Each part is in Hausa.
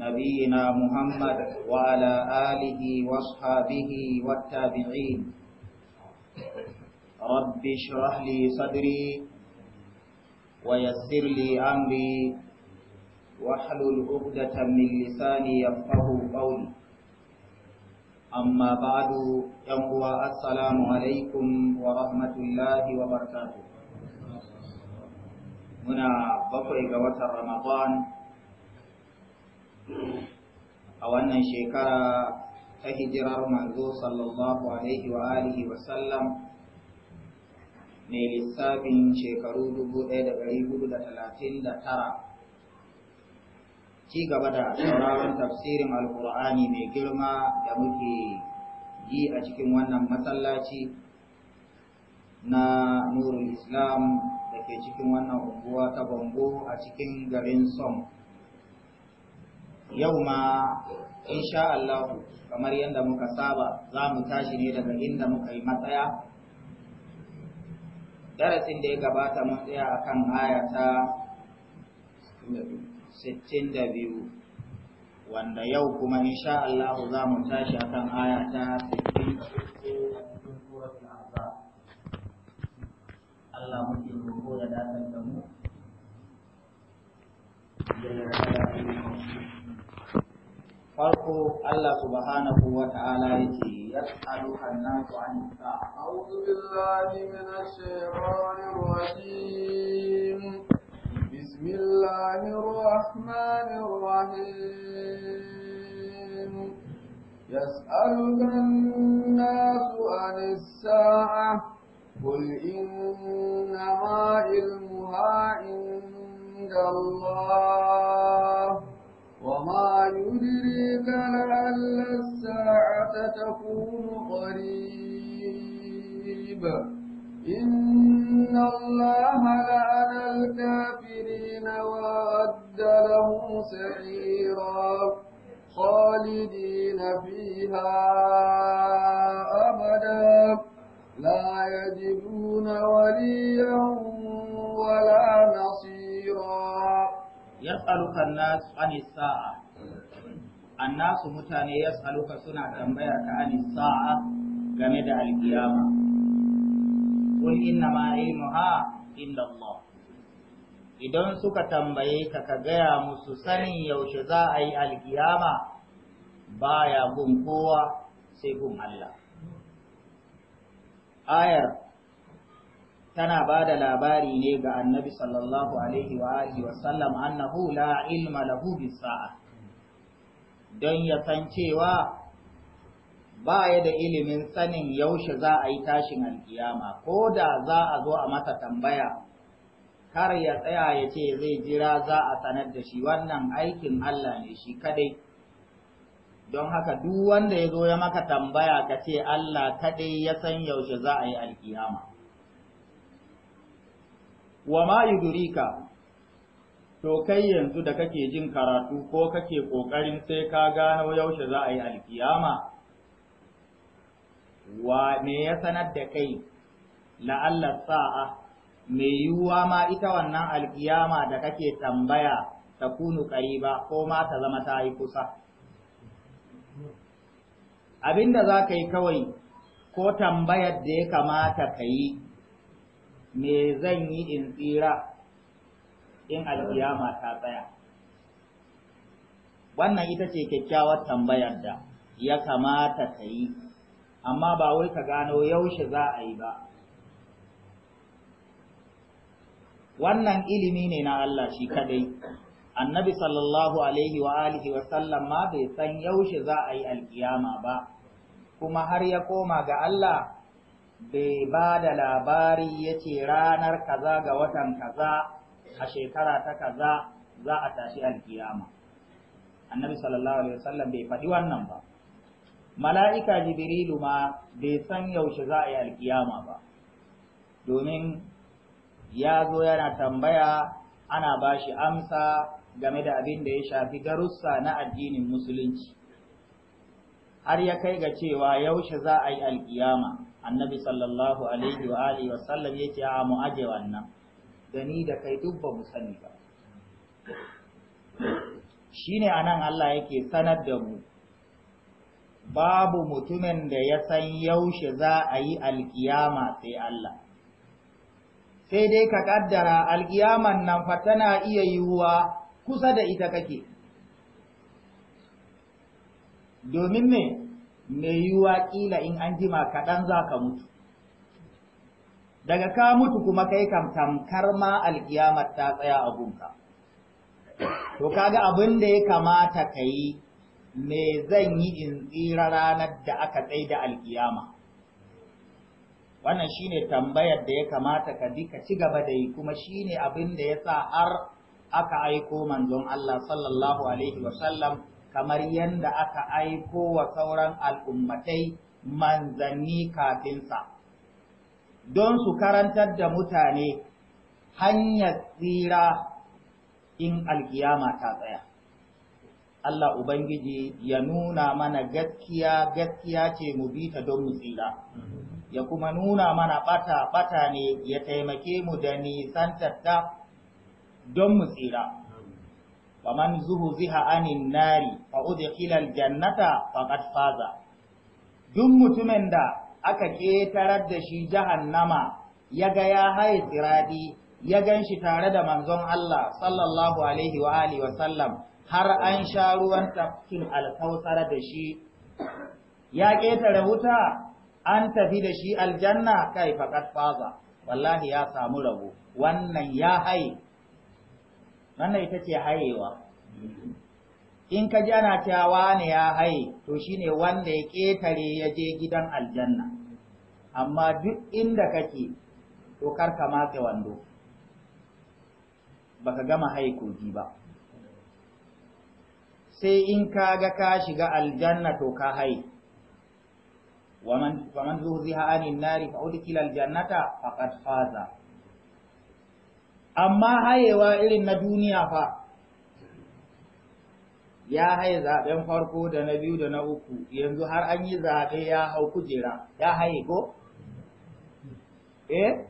نبينا محمد وعلى آله واصحابه والتابعين رب اشرح لي صدري ويسر لي أمري واحلل عقدة من لساني يفقه قولي أما بعد يوم السلام عليكم ورحمة الله وبركاته هنا bakwai ga رمضان a wannan shekara ta hijirar manzo sallallahu alaihi wa alihi wa sallam mai lissafin shekaru 1439 ci gaba da sauraron tafsirin alkur'ani mai girma da muke yi a cikin wannan masallaci na nurul islam da ke cikin wannan unguwa ta bango a cikin garin som yau ma insha Allah kamar yadda muka saba za mu tashi ne daga inda muka yi matsaya darasin da ya gabata mun tsaya kan aya ta 62 wanda yau kuma insha Allah za mu tashi a akan aya ta 63 Allah ya da mu ya da ayyukan farko Allah subhanahu wa ta'ala yake yas'aluka an-nasu an sa'a a'udhu billahi minash shaitanir rajim bismillahir rahmanir rahim yas'aluka an an sa'a قل إنما علمها عند الله وما يدريك لعل الساعة تكون قريب إن الله لعن الكافرين وأعد لهم سعيرا خالدين فيها أبدا لا يجدون وليا ولا نصيرا yas'aluka an-nas sa'a annasu mutane yas'aluka suna tambayar ka anis sa'a game da alkiyama kun inna ma ilmuha inda Allah idan suka tambaye ka ka gaya musu sanin yaushe za a yi alkiyama baya gun kowa sai gun Allah ayar tana ba da labari ne ga annabi sallallahu alaihi wa alihi sallam annahu la ilma lahu bisa'a don ya san cewa ba ya da ilimin sanin yaushe za a yi tashin alkiyama ko da za a zo a masa tambaya kar ya tsaya ya ce zai jira za a sanar da shi wannan aikin Allah ne shi kadai don haka duk wanda ya zo ya maka tambaya ka ce Allah kadai ya san yaushe za a yi alkiyama wa ma yudrika to kai yanzu da kake jin karatu ko kake kokarin sai ka gano yaushe za a yi alkiyama wa me ya sanar da kai la'alla sa'a me yiwuwa ma ita wannan alkiyama da kake tambaya ta kunu ba ko ma ta zama ta yi kusa abinda za ka yi kawai ko tambayar da ya kamata ka yi me zan yi in tsira in alkiyama ta tsaya wannan ita ce kyakkyawar tambayar da ya kamata ta yi amma ba wai ka gano yaushe za a yi ba wannan ilimi ne na Allah shi kadai annabi sallallahu alaihi wa alihi wa sallam ma bai san yaushe za a yi alkiyama ba kuma har ya koma ga Allah bai ba da labari ya ce ranar kaza ga watan kaza a shekara ta kaza za a tashi alkiyama annabi sallallahu alaihi wasallam bai faɗi wannan ba mala'ika jibrilu ma bai san yaushe za a yi alkiyama ba domin ya zo yana tambaya ana ba shi amsa game da abin da ya shafi darussa na addinin musulunci har ya kai ga cewa yaushe za a yi alkiyama annabi sallallahu alaihi wa alihi wa sallam yake a mu aje wannan gani da kai duk ba mu sani ba shine anan Allah yake sanar da mu babu mutumin da ya san yaushe za a yi alkiyama sai Allah sai dai ka kaddara alkiyaman nan fa tana iya yiwuwa kusa da ita kake domin me mai yiwuwa ƙila in an jima kaɗan za ka mutu daga ka mutu kuma kai kam tamkar ma alkiyamar ta tsaya a gunka to kaga abin da ya kamata ka yi me zan yi in tsira ranar da aka tsaye da alkiyama wannan shine tambayar da ya kamata ka bi ka ci gaba da yi kuma shine abin da ya sa har aka aiko manzon Allah sallallahu alaihi wasallam kamar yadda aka aiko wa sauran al'ummatai manzanni kafinsa, don su karantar da mutane hanyar tsira in alkiyama ta tsaya. Allah Ubangiji ya nuna mana gaskiya gaskiya ce mu bi ta don mu tsira, ya kuma nuna mana bata bata ne ya taimake mu da nisan tatta don mu tsira. zuhu zuhuziha anin nari fa udkhila aljannata faqad faza duk mutumin da aka ketarar da shi jahannama Nama ya haye tsiradi ya ganshi tare da manzon Allah sallallahu alaihi wa alihi wa sallam har an sha ruwan tafkin alkausar da shi ya ketare wuta an tafi da shi aljanna kai faqad faza wallahi ya samu rabo wannan ya haye wannan ita ce hayewa in ka ji ana cewa wane ya haye to shine wanda ya ƙetare ya je gidan aljanna amma duk inda kake to kar ka matse wando baka gama haye kogi ba sai in ka ga ka shiga aljanna to ka haye waman zuhziha anin nari fa udkhila aljannata faqad faza amma hayewa irin na duniya fa ya haye zaben farko da na biyu da na uku yanzu har an yi zaɓe ya hau kujera ya haye ko? eh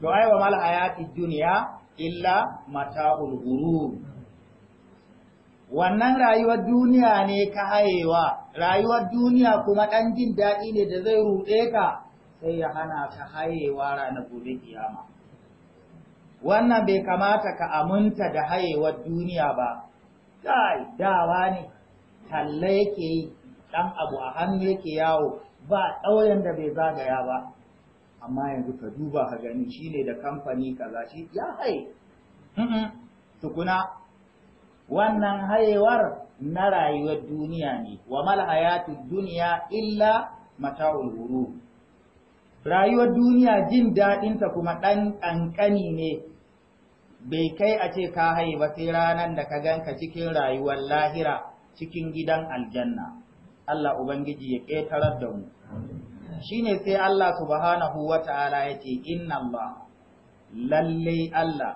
to aiwa mal hayati duniya illa mata'ul ghurur wannan rayuwar duniya ne ka hayewa rayuwar duniya kuma ɗan jin daɗi ne da zai ruɗe ka sai ya hana ka hayewa ranar gobe kiyama wannan bai kamata ka aminta da hayewar duniya ba kai dawa ne talla yake yi ɗan abu a hannu yake yawo ba ɗauyen da bai zagaya ba amma yanzu ka duba ka gani ne da kamfani kaza shi ya haye tukuna wannan hayewar na rayuwar duniya ne wa mal duniya illa mata rayuwar duniya jin daɗinta kuma ɗan ƙanƙani ne bai kai a ce ka hai ba sai ranar da ka ganka cikin rayuwar lahira cikin gidan aljanna Allah ubangiji ya ƙetarar da mu shine sai Allah subhanahu wata'ala ya ce inna Allah lalle Allah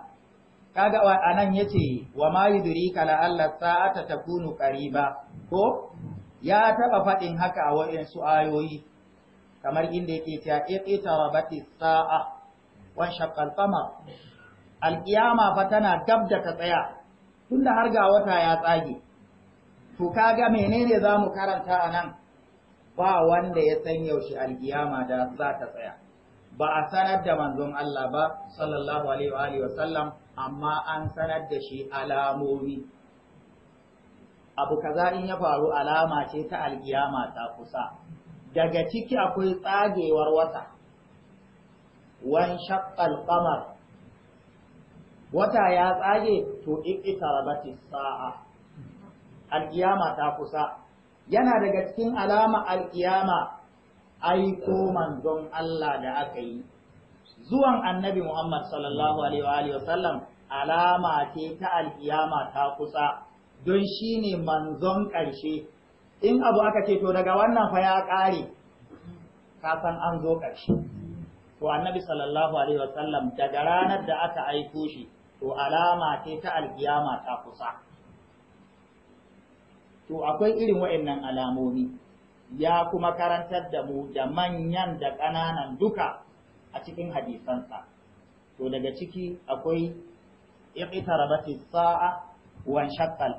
kaga anan yace wa ma yudrika la Allah sa'ata takunu qariba ko ya taba fadin haka a wayan su ayoyi kamar inda yake cewa iqtarabatis sa'a wa shaqqal qamar alƙiyama fa tana dab da ta tsaya tunda har ga wata ya tsage to kaga menene za mu karanta a nan ba wanda ya san yaushe alƙiyama da za ta tsaya ba a sanar da manzon Allah ba sallallahu alaihi wa sallam, amma an sanar da shi alamomi abu kaza in ya faru alama ce ta alƙiyama ta kusa daga ciki akwai tsagewar wata wan shaqqal qamar wata ya tsage to iqtarabati sa'a alkiyama ta kusa yana daga cikin alama alkiyama aiko manzon Allah da aka yi zuwan annabi Muhammad sallallahu alaihi wa sallam alama ce ta alƙiyama ta kusa don shine manzon ƙarshe in abu aka ce to daga wannan fa ya ƙare ka san an zo ƙarshe to annabi sallallahu alaihi wa sallam daga ranar da aka aiko shi to alama ce ta alkiyama ta kusa to akwai irin waɗannan alamomi ya kuma karantar da mu da manyan da ƙananan duka a cikin hadisansa to daga ciki akwai iqtarabati sa'a wa shaqqa al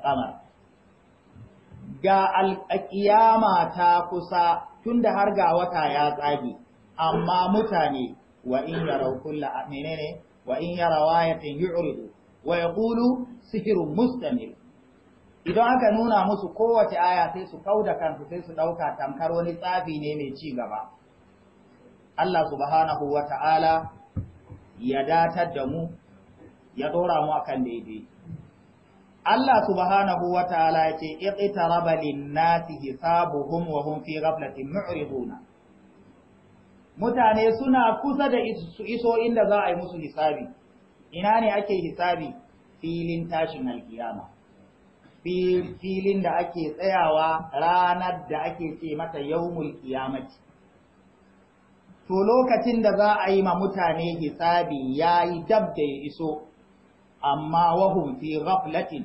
ga alkiyama ta kusa tunda har ga wata ya tsage amma mutane wa in yaraw kulla menene wa in yara wayatin yu'ridu wa yaqulu sihrun idan aka nuna musu kowace aya sai su kauda kansu sai su dauka tamkar wani tsafi ne mai ci gaba Allah subhanahu wa ta'ala ya datar da mu ya dora mu akan daidai Allah subhanahu wa ta'ala ya ce, "Iƙitaraba linnati hisabuhum wa hum fi ghaflatin mu'riduna." mutane suna kusa da su iso inda za a yi musu hisabi ina ne ake hisabi filin tashin alkiyama filin da ake tsayawa ranar da ake ce mata yawmul kiyamati to lokacin da za a yi ma mutane hisabi yayi dab da ya iso amma wahum fi ghaflatin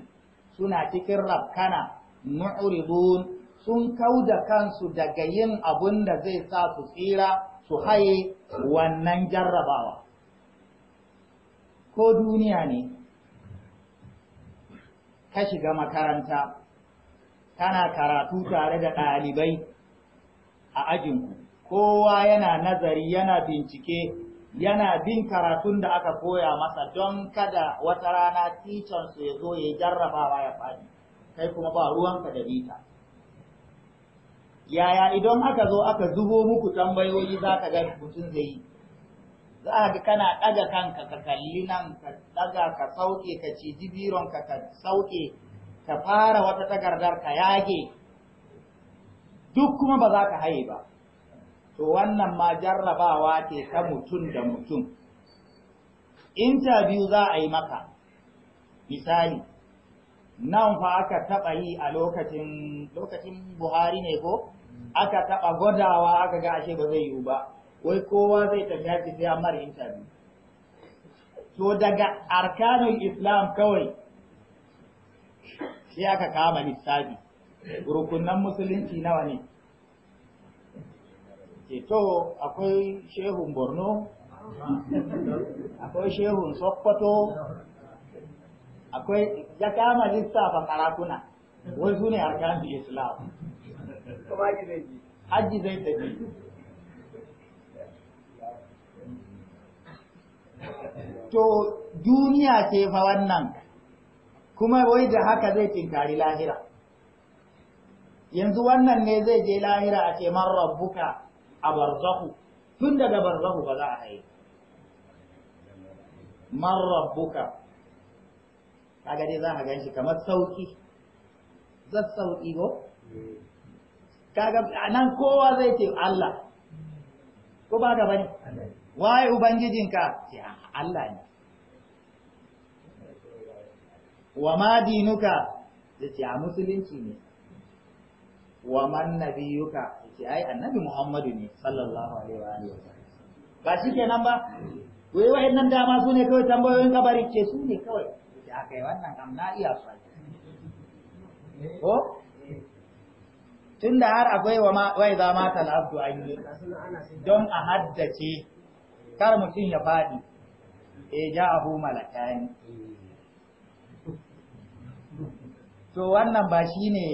suna cikin rafkana nu'ridun sun kauda kansu daga yin abun da zai sa su tsira su haye wannan jarrabawa ko duniya ne ka shiga makaranta kana karatu tare da ɗalibai a ajinku kowa yana nazari yana bincike yana bin karatun da aka koya masa don kada wata rana ticansu ya zo ya jarrabawa ya faɗi kai kuma ba ruwanka da bita. yaya idan aka zo aka zubo muku tambayoyi za ka ga mutum zai yi za a ga kana ɗaga kanka ka kalli nan ka ɗaga ka sauke ka ci jibiron ka ka sauke ka fara wata takardar ka yage duk kuma ba za ka haye ba to wannan ma jarrabawa ce ta mutum da mutum interview za a yi maka misali nan fa aka taɓa yi a lokacin lokacin buhari ne ko aka taɓa gwadawa aka ga ashe ba zai yiwu ba wai kowa zai tafi haji sai an mara intabi to daga arkanul islam kawai sai aka kama lissafi rukunan musulunci nawa ne Ke to akwai shehun borno akwai shehun sokoto akwai ya kama lissafa karakuna wai su ne arkanin islam hajji zai tafi to duniya ce fa wannan kuma wai da haka zai tinkari lahira yanzu wannan ne zai je lahira a ce man rabbuka a barzahu tun daga barzahu ba za a haye man rabbuka kaga dai za ka gan shi kamar sauki za sauki ko kaga nan kowa zai ce Allah ko ba gaba ne waye ubangijinka ce Allah ne wa ma dinuka ya ce a musulunci ne wa man nabiyuka ya ce ai annabi muhammadu ne sallallahu alaihi wa alihi ba shi kenan ba wai wa'annan dama su ne kawai tambayoyin kabari ke su ne kawai Tunda wannan kam iya ko oh? tun har akwai wai za ma talabdu an yi don a haddace kar mutum ya faɗi e ja abu to wannan ba shi ne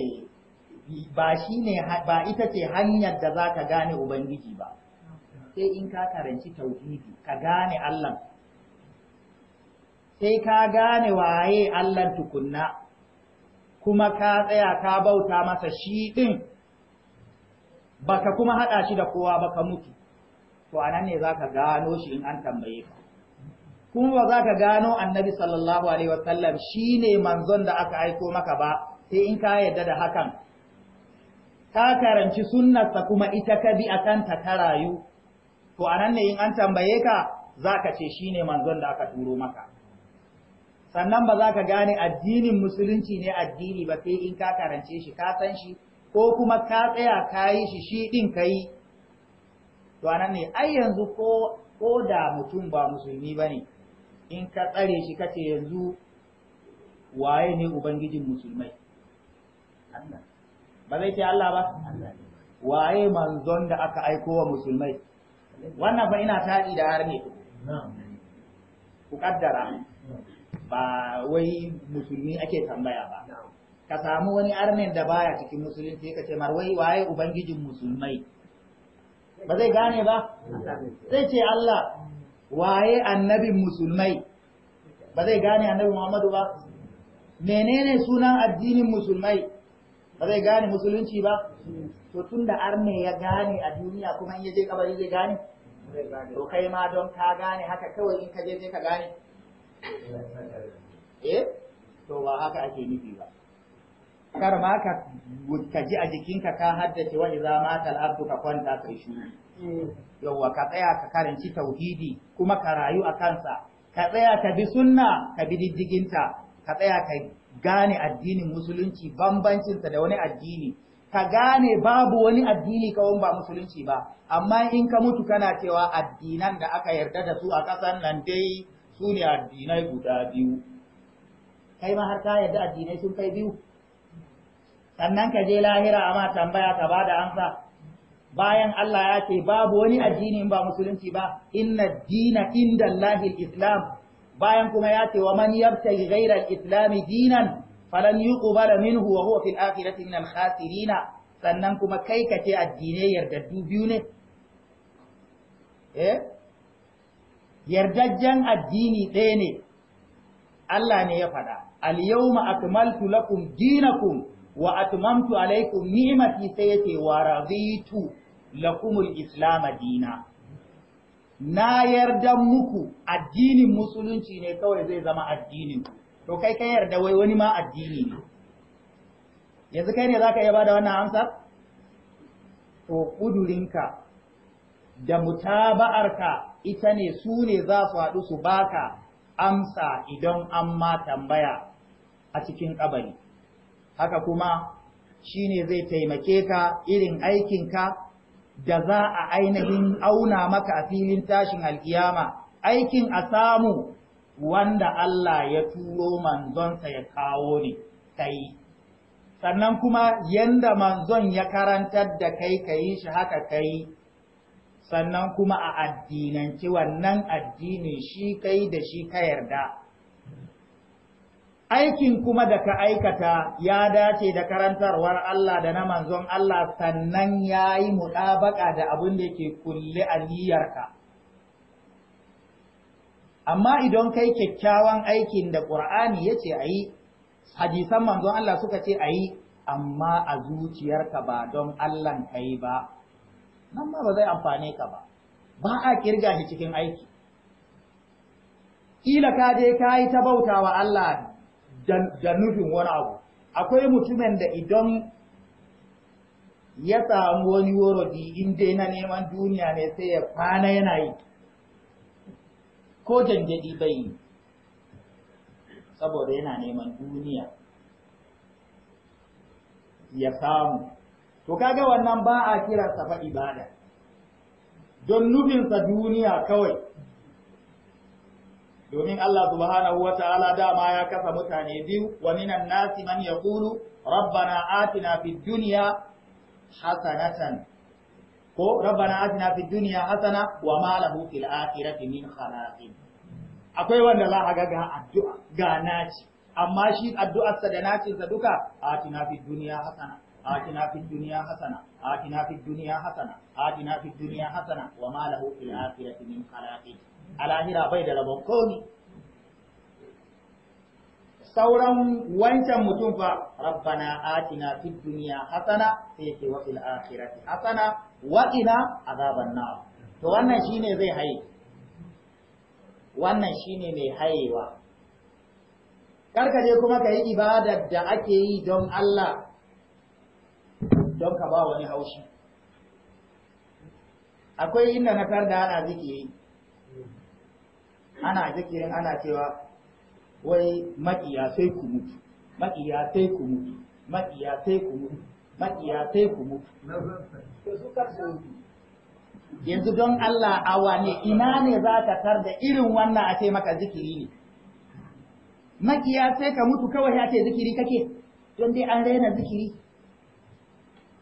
ba shi ba ita ce hanyar da za ka gane ubangiji ba sai in ka karanci tauhidi ka gane allah sai ka gane waye Allah tukunna kuma ka tsaya ka bauta masa shi ɗin baka kuma haɗa shi da kowa ka mutu to anan ne zaka gano shi in an tambaye ka kuma ba za gano annabi sallallahu alaihi wasallam shi manzon da aka aiko maka ba sai in ka yarda da hakan ka karanci sunnarsa kuma ita ka bi akan ta ka rayu to anan ne in an tambaye ka zaka ce shine manzon da aka turo maka sannan ba za ka gane addinin musulunci ne addini ba sai in ka karance shi ka san shi ko kuma ka tsaya ka yi shi shi ɗin ka yi to anan ne ai yanzu ko da mutum ba musulmi ba ne in ka tsare shi kace yanzu waye ne ubangijin musulmai ba zai ce Allah ba waye manzon da aka aiko wa musulmai wannan fa ina tadi da har ne ku kaddara ba wai musulmi ake tambaya ba ka samu wani arnin da baya cikin musulunci ka ce mar wai waye ubangijin musulmai ba zai gane ba zai ce Allah waye annabin musulmai ba zai gane annabi Muhammadu ba menene sunan addinin musulmai ba zai gane musulunci ba to tunda arne ya gane a duniya kuma in yaje kabari zai gane to kai ma don ka gane haka kawai in ka je sai ka gane eh to ba haka ake nufi ba kar ma ka a jikinka ka haddace wa idza mata al ka kwanta kai shi mm. yawa ka tsaya ka karanci tauhidi kuma ka rayu a kansa ka tsaya ka bi sunna ka bi diddiginta ka tsaya ka gane addinin musulunci bambancinsa da wani addini ka gane babu wani addini kawai ba musulunci ba amma in ka mutu kana cewa addinan da aka yarda da su a ƙasar nan dai su ne addinai guda biyu kai ma har ka yadda addinai sun kai biyu sannan ka je lahira amma tambaya ka ba da amsa bayan Allah ya ce babu wani addini ba musulunci ba inna dina inda Allahil islam bayan kuma ya ce wa man yabtaghi ghayra al-islami dinan falan yuqbala minhu wa huwa fil akhirati min al-khasirin sannan kuma kai ka ce addinai yardaddu biyu ne eh yardajjen addini ɗaya ne Allah ne ya faɗa al-yawma lakum dinakum wa atmamtu alaikum ni'imati sai ce wa razitu lakumul islam dina na yarda muku addinin musulunci ne kawai zai zama addinin to kai kai yarda wai wani ma addini ne yanzu kai ne za ka iya da wannan amsar to kudurinka da mutaba'arka ita ne su ne za su haɗu su baka amsa idan an ma tambaya a cikin ƙabari haka kuma shi ne zai taimake ka irin aikinka da za a ainihin auna maka a filin tashin alkiyama aikin a samu wanda Allah ya turo manzonsa ya kawo ne kai sannan kuma yanda manzon ya karantar da kai ka yi shi haka kai sannan kuma a addinanci wannan addinin shi kai da shi ka yarda aikin kuma da ka aikata ya dace da karantarwar Allah da na manzon Allah sannan ya yi muɗabaƙa da abin da ke kulle aniyarka amma idan kai kyakkyawan aikin da ƙur'ani ya ce a yi hadisan manzon Allah suka ce a yi amma a zuciyarka ba don Allah ka yi ba nan ma ba zai amfane ka ba ba a kirga shi cikin aiki kila ka je ka yi ta bauta wa Allah da nufin wani abu akwai mutumin da idan ya samu wani warodi in dai na neman duniya ne sai ya kwana yana yi ko janjadi bai yi saboda yana neman duniya ya samu to kaga wannan ba a kira sa fa ibada don sa duniya kawai domin Allah subhanahu wata'ala dama ya kafa mutane biyu wa minan nasi man yaqulu rabbana atina fid dunya hasanatan ko rabbana atina fid dunya hasana wa ma lahu fil akhirati min khalaqin akwai wanda za a ga ga addu'a ga naci amma shi addu'arsa da nacinsa duka atina fid dunya hasana آتنا في الدنيا حسنة آتنا في الدنيا حسنة آتنا في الدنيا حسنة وما له في الآخرة من خلاق الآخرة بيد ربهم سورا sauran wancan mutum fa في الدنيا حسنة dunya وفي sai حسنة وإنا عذاب النار وانا شيني qina azaban وانا to wannan shine zai wannan shine mai hayewa karka je kuma ka yi ibadar da ake yi don Allah don ka ba wani haushi akwai inda na tarda ana zikiri ana zikirin ana cewa wai maƙiya sai ku mutu maƙiya sai ku mutu maƙiya sai ku mutu maƙiya sai ku mutu yanzu don Allah awa ne ina ne za ka tarda irin wannan a ce maka zikiri ne maƙiya sai ka mutu kawai ya ce zikiri kake don dai an raina zikiri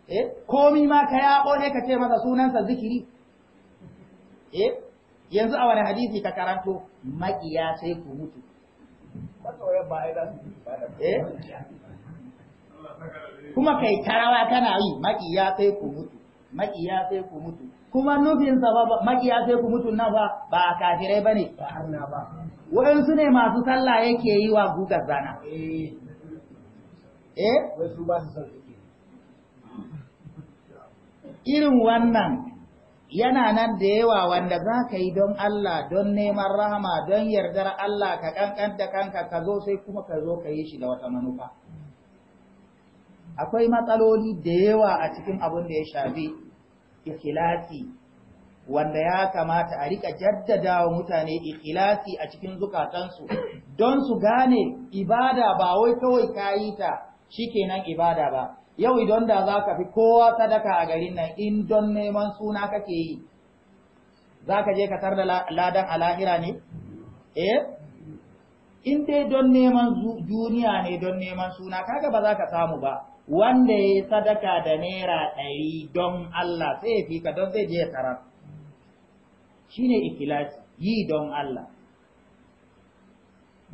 Eh? komi ma ka ya ne ka ce masa sunansa zikiri eh? yanzu a wani hadisi ka karanto maƙiya sai ku mutu eh? kuma kai tarawa kana yi maƙiya sai ku mutu maƙiya sai ku mutu kuma nufinsa ba maƙiya sai ku mutu na ba ba kafirai ba ne waɗansu ne masu sallah yake yi wa gugar zana eh irin wannan yana nan da yawa wanda za ka yi don Allah don neman rahama don yardar Allah ka kankanta kanka ka zo sai kuma ka zo ka yi shi da wata manufa akwai matsaloli da yawa a cikin abin da ya shafi ikhlasi wanda ya kamata a rika jaddada wa mutane ikilasi a cikin zukatansu don su gane ibada ba wai kawai kayi ta shi shikenan ibada ba yau idan da za ka fi kowa sadaka a garin nan in don neman suna kake yi za ka je ka tar da ladan alahira ne eh in dai don neman duniya ne don neman suna kaga ba za ka samu ba wanda ya yi sadaka da naira ɗari don Allah sai ya ka don zai je ya tarar shi ne ikilasi yi don Allah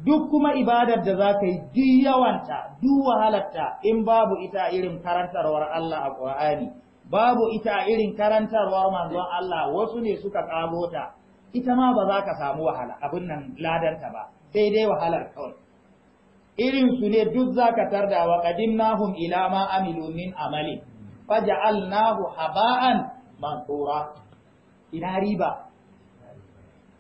duk kuma ibadar da za ka yi duk yawanta duk wahalarta in babu ita irin karantarwar Allah a Qur'ani babu ita irin karantarwar manzon Allah wasu ne suka kago ta ita ma ba za ka samu wahala abin nan ladanta ba sai dai wahalar kawai irin su ne duk za ka tarda wa qadimnahum ila ma amilu min amali faj'alnahu haba'an mansura ina riba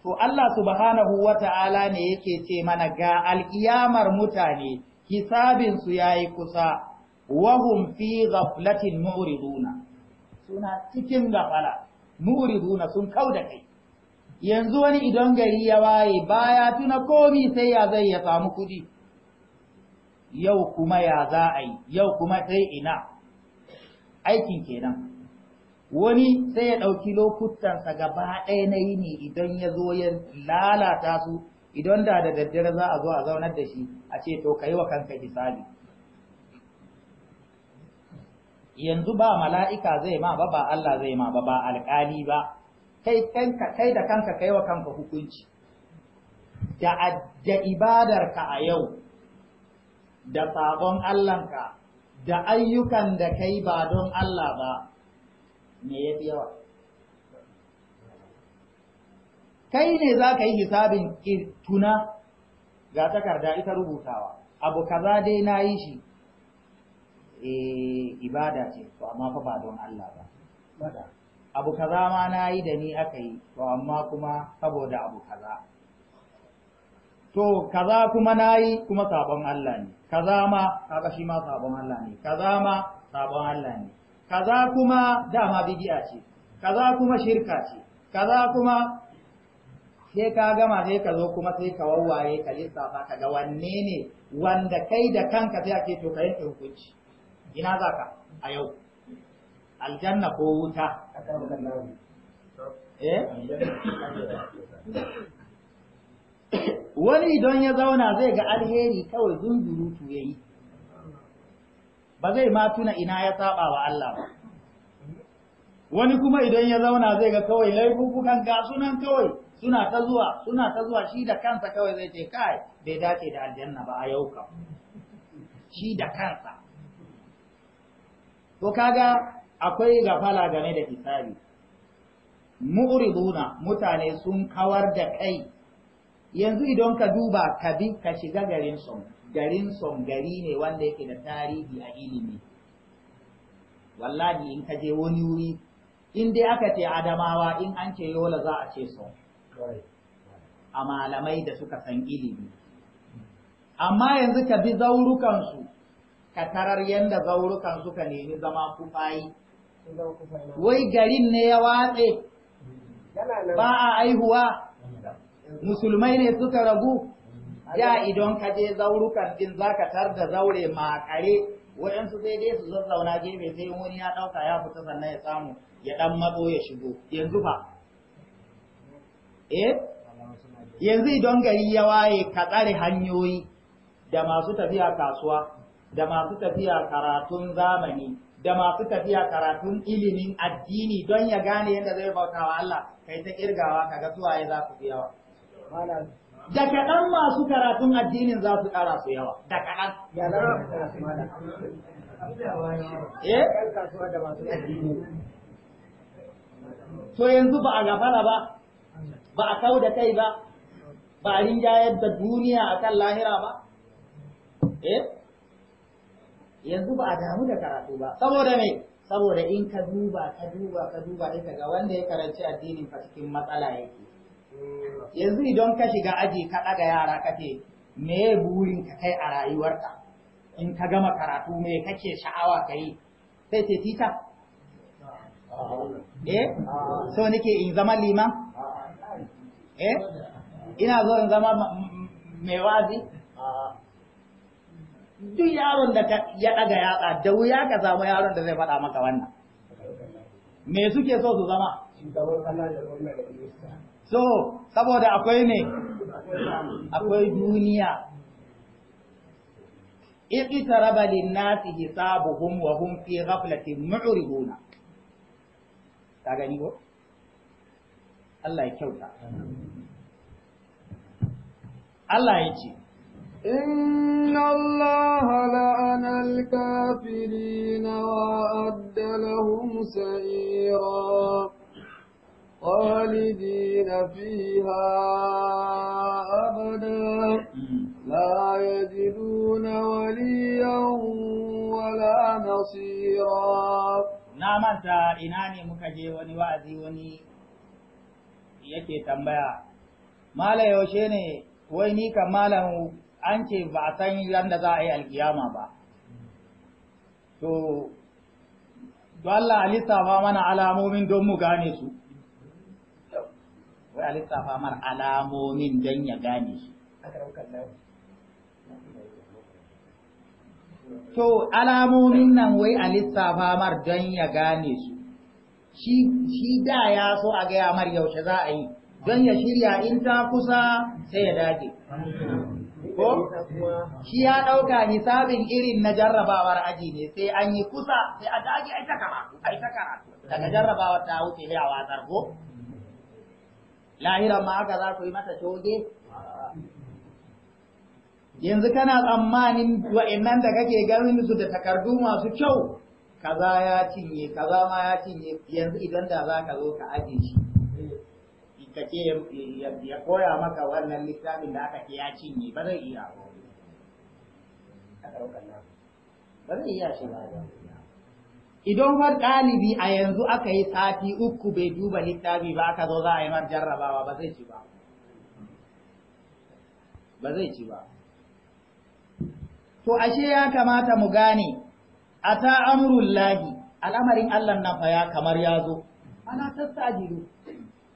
to Allah subhanahu wata'ala ne yake ce mana ga alkiyamar mutane hisabin su yayi kusa wahum fi ghaflatin mu'riduna suna cikin gafala mu'riduna sun kauda kai yanzu wani idan gari ya waye baya tuna komi sai ya zai ya samu kuɗi. yau kuma ya za yi yau kuma sai ina aikin kenan wani sai ya ɗauki lokutansa gaba ɗaya na yi ne idan ya zo ya lalata su idan da da daddare za a zo a zaunar da shi a ce to ka wa kanka hisabi yanzu ba mala'ika zai ma ba ba Allah zai ma ba ba alƙali ba kai kanka kai da kanka kai wa kanka hukunci da da ibadarka a yau da sabon Allahnka da ayyukan da kai ba don Allah ba me ya fi yawa kai ne za ka yi hisabin tuna ga takarda ita rubutawa abu kaza dai na yi shi e, ibada ce to amma fa ba don Allah ba abu kaza ma na yi da ni aka yi to amma kuma saboda abu kaza to kaza kuma na yi kuma sabon Allah ne kaza ma kaga shi ma sabon Allah ne kaza ma sabon Allah ne kaza kuma dama bidi'a ce kaza kuma shirka ce kaza kuma sai ka gama sai ka zo kuma sai ka wawaye ka lissafa ka ga wanne ne wanda kai da kanka sai ake to ka yanke hukunci ina za ka a yau aljanna ko wuta eh? wani don ya zauna zai ga alheri kawai zunzurutu yayi ba zai ma tuna ina ya saba wa Allah ba wani kuma idan ya zauna zai ga kawai laifukan ga sunan kawai suna ta zuwa suna ta zuwa shi da kansa kawai zai ce kai bai dace da aljanna ba a yau kam shi da kansa to kaga akwai gafala game da hisabi mu'riduna mutane sun kawar da kai yanzu idan ka duba ka bi ka shiga garin sun garin son gari ne wanda yake da tarihi a ilimi wallahi in ka je wani wuri in dai aka ce adamawa in an ce yola za a ce son a malamai da suka san ilimi amma yanzu ka bi zaurukansu ka tarar yadda zaurukan suka nemi zama kufayi wai garin ne ya watse ba a aihuwa musulmai ne suka ragu da idan ka je zaurukan din zaka tar da zaure makare waɗansu sai dai su zazzauna gefe sai wani ya ɗauka ya fita sannan ya samu ya ɗan matso ya shigo yanzu fa eh yanzu idan gari ya waye ka tsare hanyoyi da masu tafiya kasuwa da masu tafiya karatun zamani da masu tafiya karatun ilimin addini don ya gane yadda zai bauta wa Allah kai ta kirgawa kaga suwaye za su fi yawa da kaɗan masu karatun addinin za su ƙara su yawa da kaɗan eh? to yanzu ba a gafara ba ba a kau da kai ba ba a rinjayar da duniya a kan lahira ba eh? yanzu ba a damu da karatu ba saboda me saboda in ka duba ka duba ka duba ka ga wanda ya karanci addinin fa cikin matsala yake yanzu idan ka shiga aji ka ɗaga yara kake me burin ka kai a rayuwarka in ka gama karatu me kake sha'awa ka yi sai ce tita eh so nake in zama liman eh ina zo in zama mai wazi duk yaron da ya ɗaga yatsa da wuya ka samu yaron da zai faɗa maka wannan me suke so su zama so saboda akwai ne akwai duniya iqtaraba lin-nasi hisabuhum wa hum fi ghaflatin mu'riduna ta gani ko Allah ya kyauta Allah ya ce إن الله لعن الكافرين وأعد لهم sa'ira خالدين فيها أبدا لا يجدون وليا ولا نصيرا نعم أنت إناني مكجي ونوازي وني yake tambaya mala yaushe ne wai ni kan malam an ce ba a san yadda za a yi alkiyama ba to Allah a ba mana alamomin don mu gane su wai a lissafa mar alamomin don ya gane shi to alamomin nan wai a lissafa mar don ya gane su shi da ya so a gaya mar yaushe za a yi don ya shirya in ta kusa sai ya dage ko shi ya ɗauka hisabin irin na jarrabawar aji ne sai an yi kusa sai a dage a ita kama a ita daga jarrabawar ta wuce ne a wazar ko lahira ma haka za ku yi mata coge yanzu kana tsammanin wa'annan da kake ganin su da takardu masu kyau kaza ya cinye kaza ma ya cinye yanzu idan da za ka zo ka ajiye shi ka ce ya koya maka wannan littafin da aka ke ya cinye ba zai iya ba zai iya shi ba idan har ɗalibi a yanzu aka yi sati uku bai duba littafi ba aka zo za a yi mar jarrabawa ba zai ci ba ba zai ci ba to ashe ya kamata mu gane a ta lahi al'amarin allah na faya kamar ya zo ana tattajiru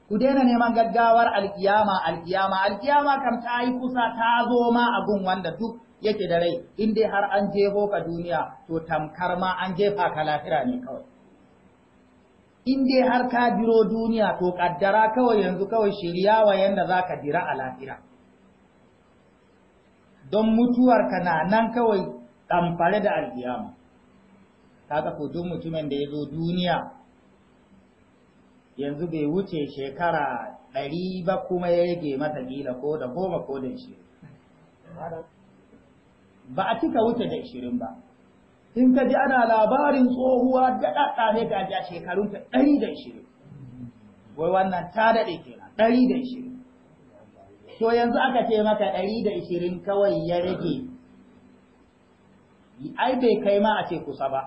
ku daina neman gaggawar alkiyama alkiyama alkiyama kam ta yi kusa ta zo ma abun wanda duk yake da rai in dai har an jeho ka duniya to tamkar ma an jefa ka lafira ne kawai in dai har ka biro duniya to kaddara kawai yanzu kawai shirya wa yanda za ka dira a lafira don mutuwar ka na nan kawai ɗamfare da alkiyama kaga ko duk mutumin da ya zo duniya yanzu bai wuce shekara ɗari ba kuma ya rage masa gila ko da goma ko da shi. ba a cika wuce da ishirin ba in ka ji ana labarin tsohuwa daɗaɗa ne ga ji a shekarunta ɗari da ishirin wai wannan ta daɗe kenan ɗari da ishirin to yanzu aka ce maka ɗari da ishirin kawai ya rage ai bai kai ma a ce kusa ba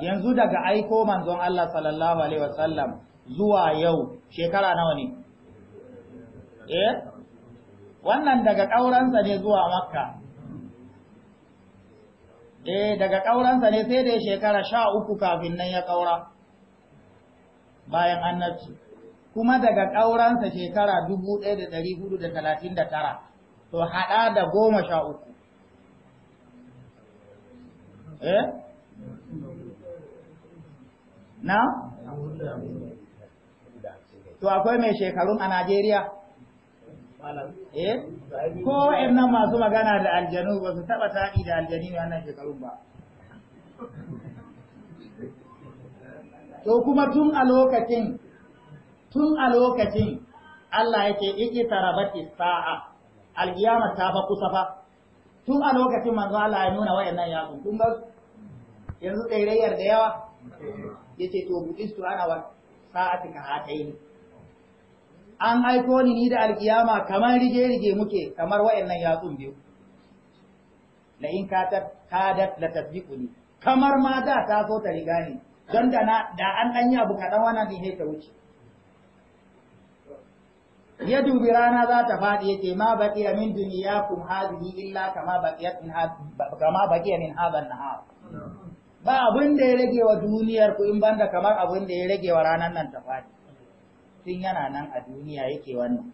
yanzu daga aiko manzon Allah sallallahu alaihi wasallam zuwa yau shekara nawa ne eh wannan daga ƙauransa ne zuwa makka eh daga ƙauransa ne sai da ya shekara sha uku kafin nan ya ƙaura bayan annabci kuma daga ƙauransa shekara dubu ɗaya da ɗari hudu da talatin da tara to haɗa da goma sha uku eh na to akwai mai shekarun a najeriya eh ko wa'annan masu magana da aljanu ba su taba taɗi da aljani ne wannan shekarun ba to kuma tun a lokacin tun a lokacin Allah yake iki tarabati sa'a alkiyama ta fa kusa fa tun a lokacin manzo Allah ya nuna wa'yan nan ya kun ga yanzu tsayayyar da yawa yace to budistu ana wa sa'atika hataini an haiko ni ni da alkiyama kamar rige-rige muke kamar wa'annan yatsun biyu la in ta kadat la tadbiquni kamar ma da ta so ta riga ni don da na da an dan yi abu kadan wannan din ta wuce ya dubi rana za ta faɗi yake ma baqiya min dunyakum hadhihi illa kama baqiyat min kama baqiya min hadha an ba abin da ya rage wa duniyar ku in banda kamar abin da ya rage wa ranan nan ta faɗi tun yana nan a duniya yake wannan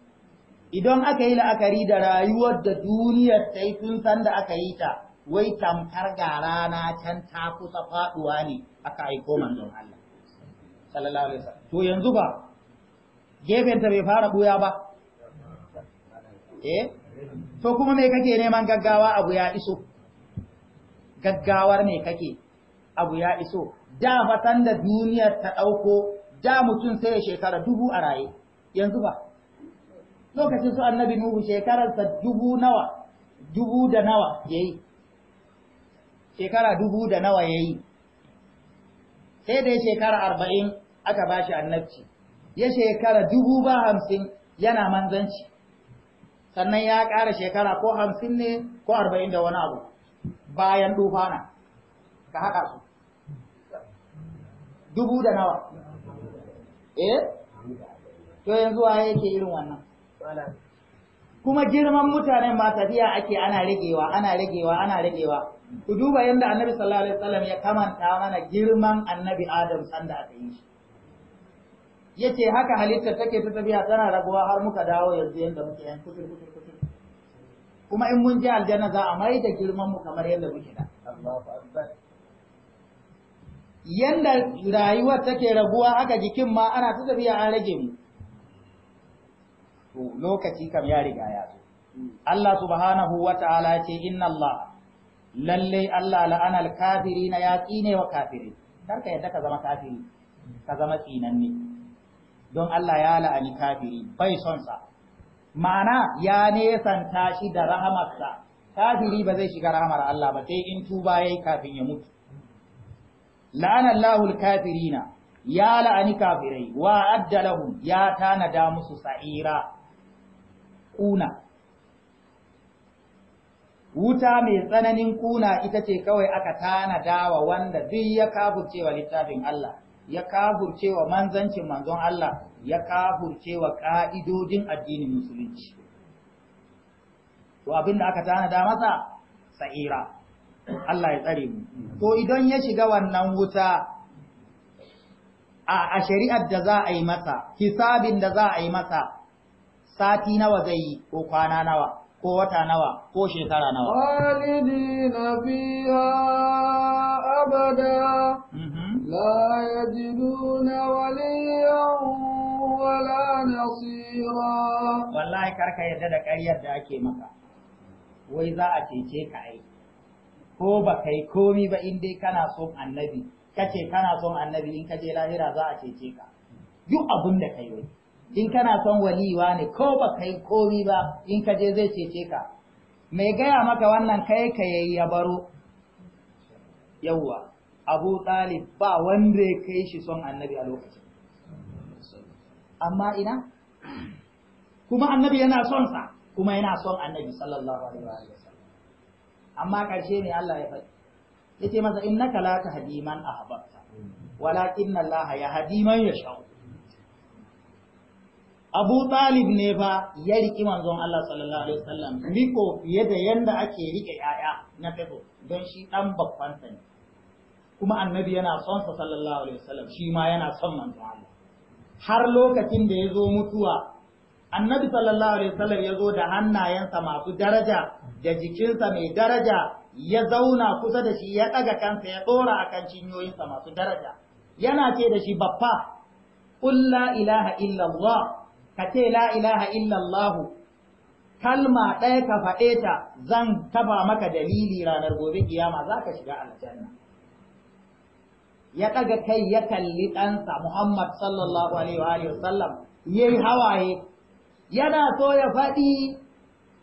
idan aka yi la'akari da rayuwar da duniyar ta yi tun san da aka yi ta wai tamkar ga rana can ta kusa faɗuwa ne aka aiko manzon Allah sallallahu alaihi wasallam to yanzu ba gefen bai fara buya ba eh to kuma me kake neman gaggawa abu ya iso gaggawar me kake abu ya iso da fatan da duniyar ta ɗauko. da mutum sai ya shekara dubu a raye yanzu ba lokacin su annabi nuhu shekararsa dubu nawa dubu da nawa yayi shekara dubu da nawa yayi sai da ya shekara arba'in aka ba shi annabci ya shekara dubu ba hamsin yana manzanci sannan ya ƙara shekara ko hamsin ne ko arba'in da wani abu bayan dufana ka haɗa su dubu da nawa E, to yanzu waye yake irin wannan kuma girman mutanen ma tafiya ake ana ragewa ana ragewa ana ragewa ku duba yadda annabi sallallahu alaihi wasallam ya kamanta mana girman annabi adam sanda aka yi shi yace haka halitta take ta tafiya tana raguwa har muka dawo yanzu yadda muke yan kutur kutur kutur kuma in mun je aljanna za a mai da girman mu kamar yadda muke da Allahu akbar yanda rayuwar take rabuwa aka jikin ma ana ta tafiya an rage mu to lokaci kam ya riga ya zo Allah subhanahu wata'ala ya ce inna Allah lalle Allah la'ana al-kafirina ya tsine wa kafiri kar ka yadda ka zama kafiri ka zama tsinanne don Allah ya la'ani kafiri bai son sa ma'ana ya nesanta shi da rahamarsa kafiri ba zai shiga rahamar Allah ba sai in tuba yayi kafin ya mutu la'ana Allahul kafirina ya la'ani kafirai wa adda lahum ya tanada musu sa'ira kuna wuta mai tsananin kuna ita ce kawai aka tanada wa wanda duk ya kafurcewa littafin Allah ya kafurcewa manzancin manzon Allah ya kafurcewa ka'idodin addinin musulunci to abinda aka tanada masa sa'ira Allah ya tsare mu to idan ya shiga wannan wuta a shari'ar da za a yi masa hisabin da za a yi masa sati nawa zai yi ko kwana nawa ko wata nawa ko shekara nawa. Walidi na fiha abada, la ya ji nuna wala nasira. Wallahi karka yadda da ƙaryar da ake maka, wai za a cece ka ai. ko ba kai komi ba in dai kana son annabi kace kana son annabi in kaje lahira za a cece ka duk abun da kai wai in kana son waliwa ne ko ba kai komi ba in kaje zai cece ka mai gaya maka wannan kai ka yayi ya baro yawwa abu talib ba wanda ya kai shi son annabi a lokacin amma ina kuma annabi yana son sa kuma yana son annabi sallallahu alaihi wa amma ƙarshe ne Allah ya faɗi Ya ce masa in innaka a tahdi man na laha ya yahdi ya yasha Abu Talib ne ba ya riki manzon Allah sallallahu alaihi wasallam riko fiye da yanda ake riƙe ƴaƴa na fito don shi ɗan babban sa ne kuma annabi yana son sa sallallahu alaihi wasallam shi ma yana son manzon Allah har lokacin da ya zo mutuwa annabi sallallahu alaihi wasallam ya zo da hannayensa masu daraja da jikinsa mai daraja ya zauna kusa da shi ya ɗaga kansa ya ɗora a kan cinyoyinsa masu daraja yana ce da shi baffa ƙul la ilaha illallah ka ce la ilaha illallahu kalma ɗaya ka faɗe ta zan taba maka dalili ranar gobe kiyama za ka shiga aljanna ya ɗaga kai ya kalli ɗansa muhammad sallallahu alaihi wa sallam ya yi hawaye yana so ya faɗi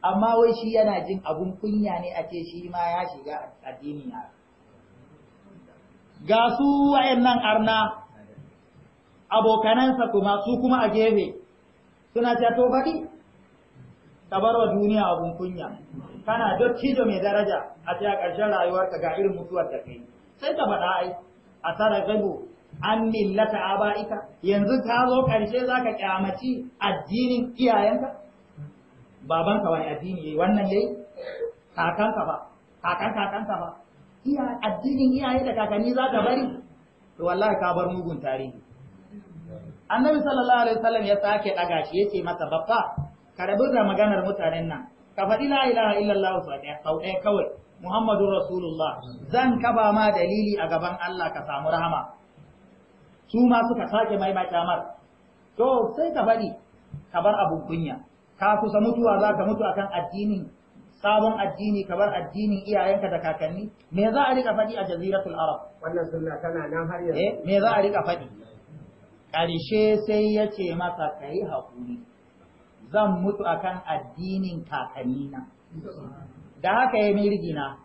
amma wai shi yana jin abun kunya ne a ce shi ma ya shiga addini ya ga su wayannan arna abokanansa kuma su kuma a gefe suna ce to faɗi wa duniya abun kunya kana da mai daraja a ce a ƙarshen rayuwarka ga irin mutuwar da kai sai ka faɗa ai a tara gaibu an millata aba'ika yanzu ka zo ƙarshe za ka ƙyamaci addinin iyayenka babanka wani addini ne wannan yayi kakanka ba kakan kakanka ba iya addinin iyaye da kakanni za ka bari to wallahi ka bar mugun tarihi annabi sallallahu alaihi wasallam ya sake daga shi yace masa babba ka rabu da maganar mutanen nan ka faɗi la ilaha illallah sau ɗaya kawai muhammadu rasulullah zan kaba ma dalili a gaban allah ka samu rahama su ma suka sake maimaita mar to sai ka faɗi, ka bar abun kunya ka kusa mutuwa za ka mutu akan addini sabon addini ka bar addinin iyayenka da kakanni me za a rika faɗi a jaziratul arab wannan sunna tana nan har yanzu eh me za a rika faɗi ƙarshe sai ya ce masa kai hakuri zan mutu akan addinin kakannina da haka ya mai rigina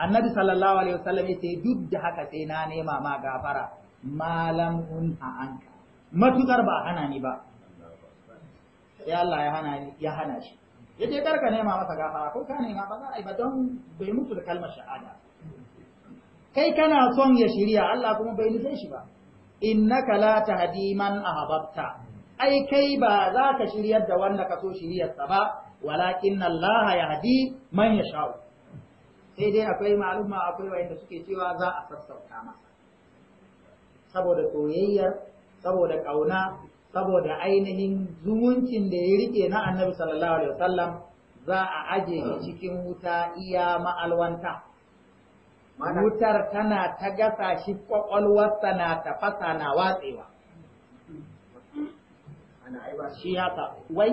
annabi sallallahu alaihi wasallam ya ce duk da haka sai na nema ma gafara malam unha anka matukar ba hana ni ba sai Allah ya hana ya hana shi ya je karka nema masa gafara ko ka nema ba za a yi ba don bai mutu da kalmar shahada kai kana son ya shirya Allah kuma bai nufe shi ba innaka la tahdi man ahbabta ai kai ba za ka shiryar da wanda ka so shiryarsa ba walakin Allah yahdi man yasha'u sai dai akwai maluma akwai wainda suke cewa za a sassauta masa saboda soyayyar saboda ƙauna saboda ainihin zumuncin da ya rike na annabi sallallahu alaihi wasallam za a aje shi cikin wuta iya ma'alwanta wutar tana ta gasa shi kwakwalwarsa na tafasa na watsewa shi haka wai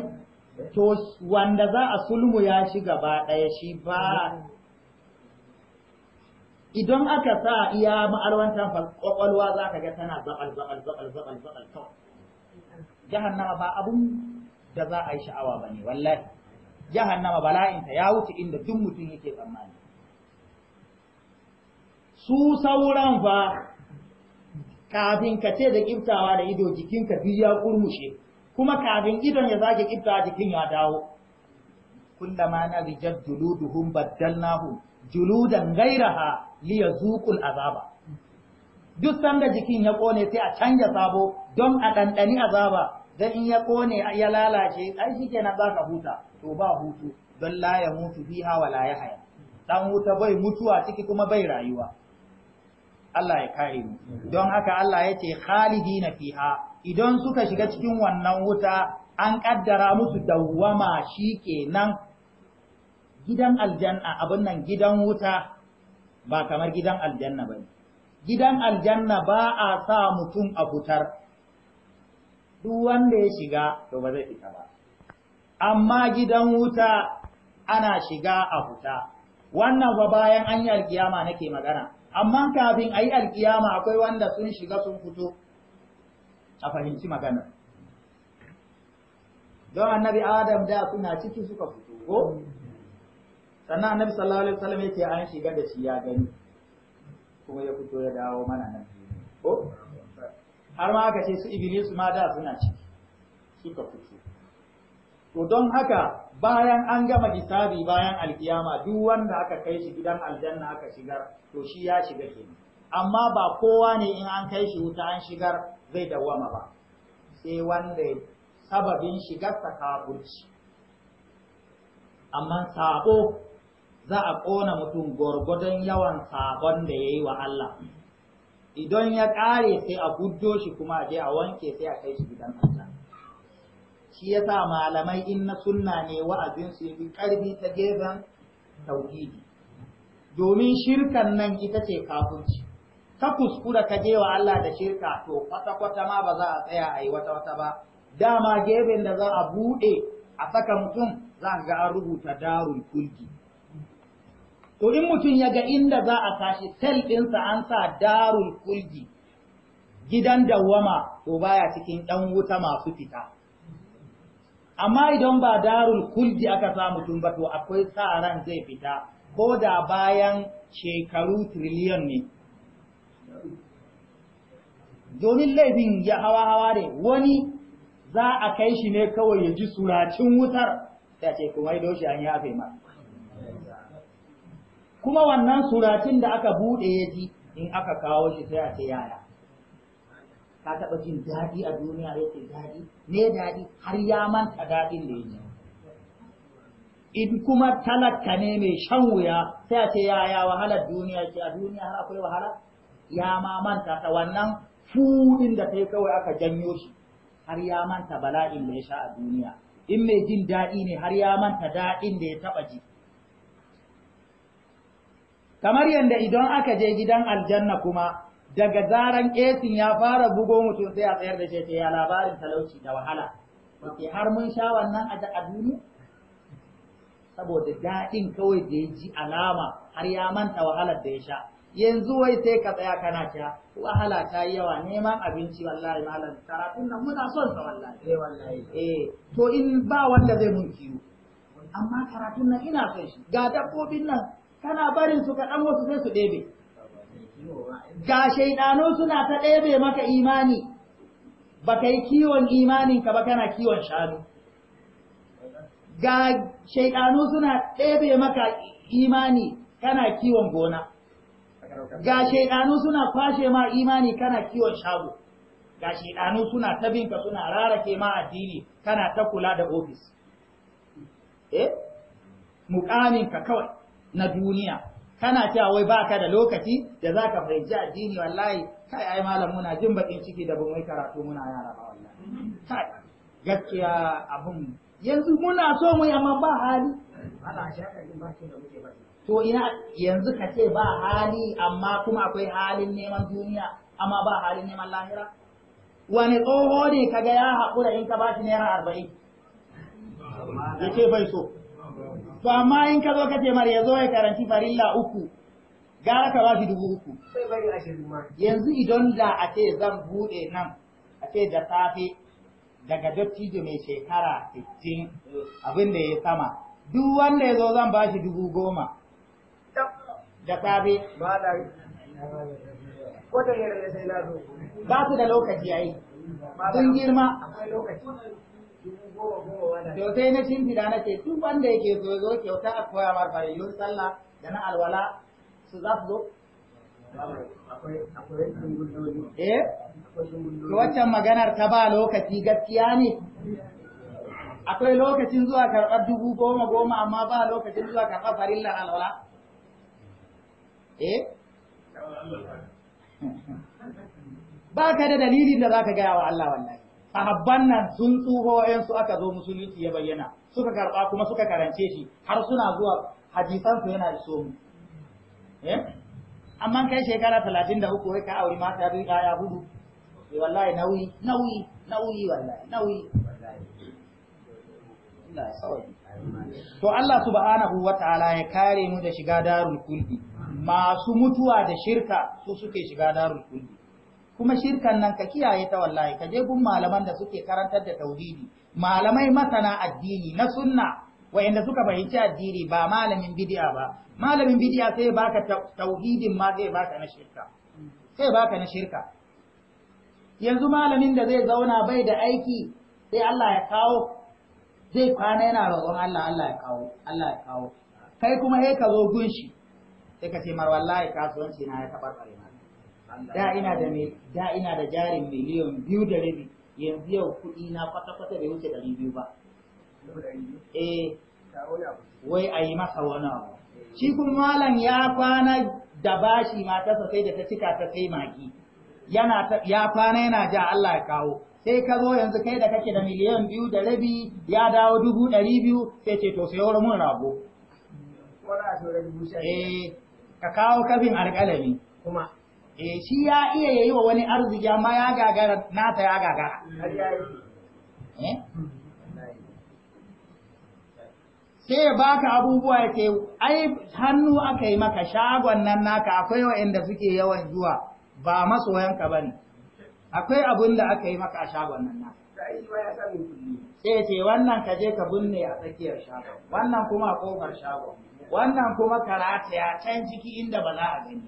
to wanda za a sulmu ya shi gaba ɗaya shi ba idan aka sa iya ma'alwantar kwakwalwa za ka ga tana zaɓal zaɓal zaɓal zaɓal zaɓal kawai jahannama ba abun da za a yi sha'awa ba ne wallahi jahannama bala'inta ya wuce inda duk mutum yake tsammani su sauran fa kafin ka ce da kiftawa da ido jikinka duk ya kurmushe kuma kafin idon ya zage kiftawa jikin ya dawo kullama na rijal juluduhum baddalnahum juludan gairaha liya zuƙul azaba duk sanda jikin ya ƙone sai a canja sabo don a ɗanɗani azaba don in ya ƙone ya lalace ai shi shikenan zaka huta to ba hutu don laye mutu biha hawa laye haya ɗan bai mutuwa ciki kuma bai rayuwa Allah ya kare mu don haka Allah ya yace khalidina fiha idan suka shiga cikin wannan wuta an kaddara musu dawwama shikenan gidan aljanna abin nan gidan wuta ba kamar gidan aljanna ba gidan aljanna ba a sa mutum a fitar duk wanda ya shiga to ba zai fita ba amma gidan wuta ana shiga a fita wannan ba bayan an yi alkiyama nake magana amma kafin a yi alkiyama akwai wanda sun shiga sun fito a fahimci magana don annabi adam da suna ciki suka fito ko sannan annabi sallallahu alaihi wasallam yake an shiga da shi ya gani kuma ya fito ya dawo mana nan ko har ma aka ce su iblis ma da suna ciki suka fito to don haka bayan an gama hisabi bayan alkiyama duk wanda aka kai shi gidan aljanna aka shigar to shi ya shiga kenan amma ba kowa ne in an kai shi wuta an shigar zai dawwama ba sai wanda sababin shigarsa kafurci amma sabo za a ƙona mutum gwargwadon yawan sabon da ya yi wa Allah idan ya ƙare sai a guddo shi kuma a je a wanke sai a kai shi gidan Allah shi ya sa malamai in na sunna ne wa'azin su yi ƙarfi ta gefen tauhidi domin shirkan nan ita ce kafirci ka kuskura ka je wa Allah da shirka to kwata-kwata ma ba za a tsaya a yi wata-wata ba dama gefen da za a buɗe a saka mutum za ga an rubuta darul kulki to in mutum ya ga inda za a tashi sel ɗinsa an sa darul kulgi gidan dawwama to baya cikin ɗan wuta masu fita amma idan ba darul kulgi aka sa mutum ba to akwai sa ran zai fita ko da bayan shekaru triliyon ne domin laifin ya hawa hawa ne wani za a kai shi ne kawai ya ji suracin wutar ta ce kuma ido shi an yafe ma kuma wannan suracin da aka buɗe ya ji in aka kawo shi sai a ce yaya ka taɓa jin daɗi a duniya ya ce daɗi ne daɗi har ya manta daɗin da ya in kuma talaka ne mai shan wuya sai a ce yaya wahalar duniya ce a duniya har akwai wahala ya ma manta ta wannan fudin da kai kawai aka janyo shi har ya manta bala'in da ya sha a duniya in mai jin daɗi ne har ya manta daɗin da ya taɓa ji kamar yadda idan aka je gidan aljanna kuma daga zaran esin ya fara bugo mutum sai a tsayar da shi ya labarin talauci da wahala wace har mun sha wannan a duniya saboda daɗin kawai da ya ji alama har ya manta wahalar da ya sha yanzu wai sai ka tsaya kana ta wahala ta yi yawa neman abinci wallahi malam karatun nan muna son sa wallahi eh wallahi eh to in ba wanda zai mun kiyo amma karatun nan ina son shi ga dabbobin nan kana barin su kaɗan wasu sai su ɗebe ga shaidano suna ta ɗebe maka imani ba ka yi kiwon imaninka ba kana kiwon shanu ga shaidanu suna ɗebe maka imani kana kiwon gona ga shaidanu suna kwashe ma imani kana kiwon shago ga shaidanu suna tabinka suna rarake ma addini kana ta kula da ofis eh mukaminka kawai na duniya kana cewa wai baka da lokaci da zaka fahimci addini wallahi kai ai malam muna jin bakin ciki da wai karatu muna yara ba wallahi kai gaskiya abun yanzu muna so mu amma ba hali da muke ba. to ina yanzu ka ce ba hali amma kuma akwai halin neman duniya amma ba halin neman lahira wani tsoho ne kaga ya haƙura in ka ba shi naira arba'in ya ce bai so to amma in ka zo ka ce mar zo ya karanci farilla uku gara ka bashi dubu uku yanzu idan da a ce zan bude nan a ce da safe daga dattijo mai shekara 60 abin da ya sama duk wanda ya zo zan ba dubu goma da safe ba su da lokaci yayi sun girma To sai na shimfiɗa na ce duk wanda yake zo zo kyauta a koya mar farillun sallah da na alwala su za su zo. Eh? To waccan maganar ta ba lokaci gaskiya ne. Akwai lokacin zuwa karɓar dubu goma goma amma ba lokacin zuwa karɓar farillar alwala. Eh? Ba ka da dalilin da za ka gaya wa Allah wallahi. sahabban nan sun tsuro su aka zo musulunci ya bayyana suka karɓa kuma suka karance shi har suna zuwa hadisan yana iso mu eh? amma kai shekara talatin da uku ka auri mata biyu ya hudu eh wallahi nauyi nauyi nauyi wallahi nauyi to Allah subhanahu ala ya kare mu da shiga darul kulli masu mutuwa da shirka su suke shiga darul kulli kuma shirkan nan ka kiyaye ta wallahi ka je gun malaman da suke karantar da tauhidi malamai masana addini na sunna wayanda suka fahimci addini ba malamin bid'a ba malamin bid'a sai baka tauhidin ma sai baka na shirka sai baka na shirka yanzu malamin da zai zauna bai da aiki sai Allah ya kawo zai kwana yana roƙon Allah Allah ya kawo Allah ya kawo kai kuma sai ka zo gunshi sai ka ce mar wallahi kasuwanci na ya taɓarɓare na da ina da me da ina da jarin miliyan biyu da rabi yanzu yau kuɗi na kwata-kwata bai wuce ɗari biyu ba eh wai a yi masa wani abu shi kuma malam ya kwana da bashi matarsa sai da ta cika ta sai maki yana ya kwana yana ja Allah ya kawo sai ka zo yanzu kai da kake da miliyan biyu da rabi ya dawo dubu ɗari biyu sai ce to sai wurin mun rago eh, ka kawo kabin alƙalami kuma eh shi ya iya yayi wa wani arziki amma ya gagara nata ya gagara eh? sai ya baka abubuwa ya ce ai hannu aka yi maka shagon nan naka akwai wa'anda suke yawan zuwa ba masoyanka ba ne akwai abin da aka yi maka a shagon nan naka sai ce wannan ka je ka binne a tsakiyar shagon wannan kuma a kofar shagon wannan kuma karatiya can ciki inda ba za a gani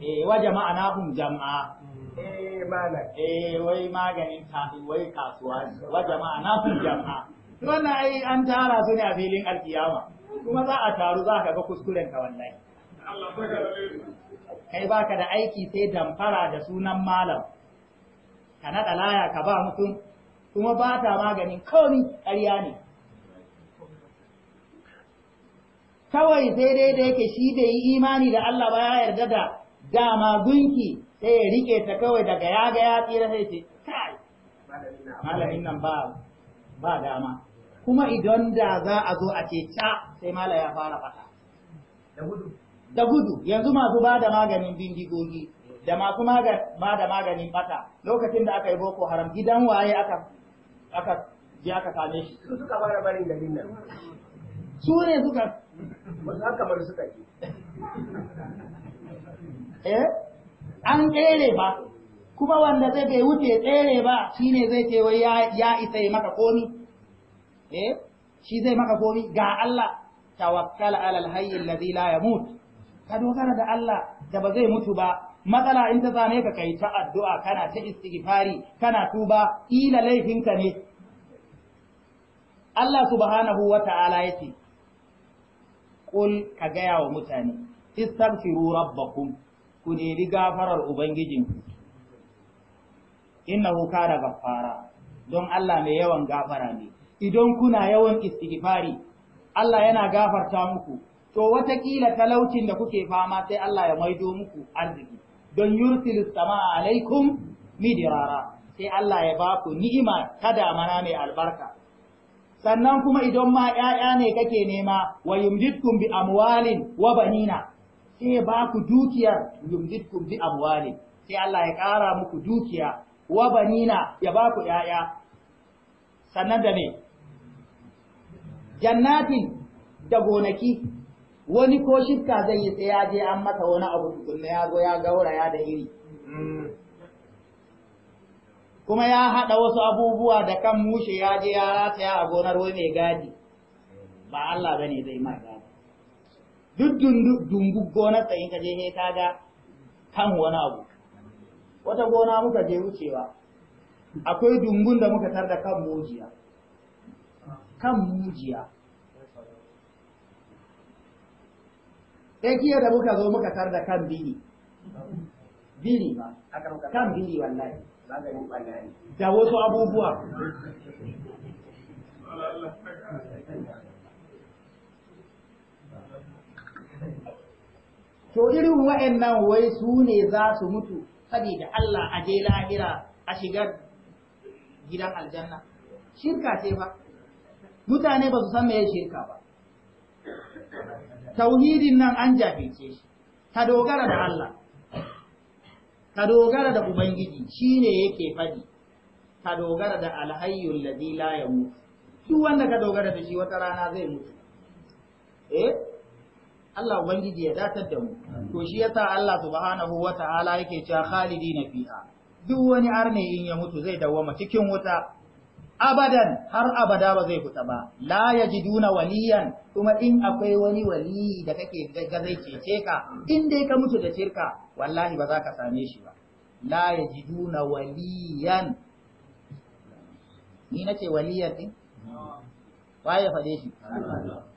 eh wa jama'a na hum jama'a eh malam eh wai maganin ta wai kasuwa wa jama'a na hum jama'a wannan ai an tara su ne a filin alkiyama kuma za a taru za ka ga kuskuren ka wallahi kai baka da aiki sai damfara da sunan malam ka naɗa laya ka ba mutum kuma ba ta maganin kawai ƙarya ne kawai sai dai da yake shi bai yi imani da Allah ba ya yarda da dama gunki sai ya rike ta kawai daga ya ga ya tsira sai ce kai malamin nan ba ba dama kuma idan da za a zo a ce ca sai mala ya fara fata da gudu da gudu yanzu masu ba da maganin bindigogi da masu ba da maganin fata. lokacin da aka yi boko haram gidan waye aka aka je aka same shi suka fara barin garin nan su ne suka wasu haka bar suka yi eh an tsere ba kuma wanda zai bai wuce tsere ba shine zai ce wai ya isa yi maka komi eh shi zai maka komi ga Allah tawakkal ala alhayy alladhi la yamut ka dogara da Allah da ba zai mutu ba matsala in ta zane ka kai ta addu'a kana ta istighfari kana tuba ila laifinka ne Allah subhanahu wa ta'ala yace qul ka gaya wa mutane istaghfiru rabbakum ku nemi gafarar ubangijinku innahu kana gaffara don Allah mai yawan gafara ne idan kuna yawan istighfari Allah yana gafarta muku to watakila talaucin da kuke fama sai Allah ya maido muku arziki don yursil samaa alaikum midirara sai Allah ya ba ku ni'ima ta damana mai albarka sannan kuma idan ma 'ya'ya ne kake nema wa yumdidkum bi amwalin wa banina sai ba ku dukiyar yumdidkum bi amwali sai Allah ya kara muku dukiya wa banina ya ba ku ƴaƴa sannan da ne jannatin da gonaki wani ko shifka zai yi sai ya je an mata wani abu tukunna ya zo ya gauraya da iri kuma ya haɗa wasu abubuwa da kan mushe ya je ya rataya a gonar wani gadi ba Allah bane zai ma duk dumbu gona tsayin ka je he ga kan wani abu wata gona muka je wucewa akwai dumbun da muka tarda kan mujiya kan mujiya tsakiya da muka zo muka tarda kan bini bini ba kan bini wallahi da wasu abubuwa to irin wa'annan wai su ne za su mutu saboda Allah a je lahira a shigar gidan aljanna shirka ce ba mutane ba su san meye shirka ba tauhidin nan an jafice shi ka dogara da Allah ka dogara da ubangiji shine yake faɗi ka dogara da alhayyul ladzi la yamut duk wanda ka dogara da shi wata rana zai mutu eh Allah ubangiji ya datar da mu to shi yasa Allah subhanahu wata'ala yake cewa Khalidi khalidina fiha duk wani arne in ya mutu zai dawwama cikin wuta abadan har abada ba zai fita ba la ya ji yajiduna waliyan kuma in akwai wani wali da kake ga zai cece ka in dai ka mutu da shirka wallahi ba za ka same shi ba la ya ji yajiduna waliyan ni na ce waliyan din waye fade shi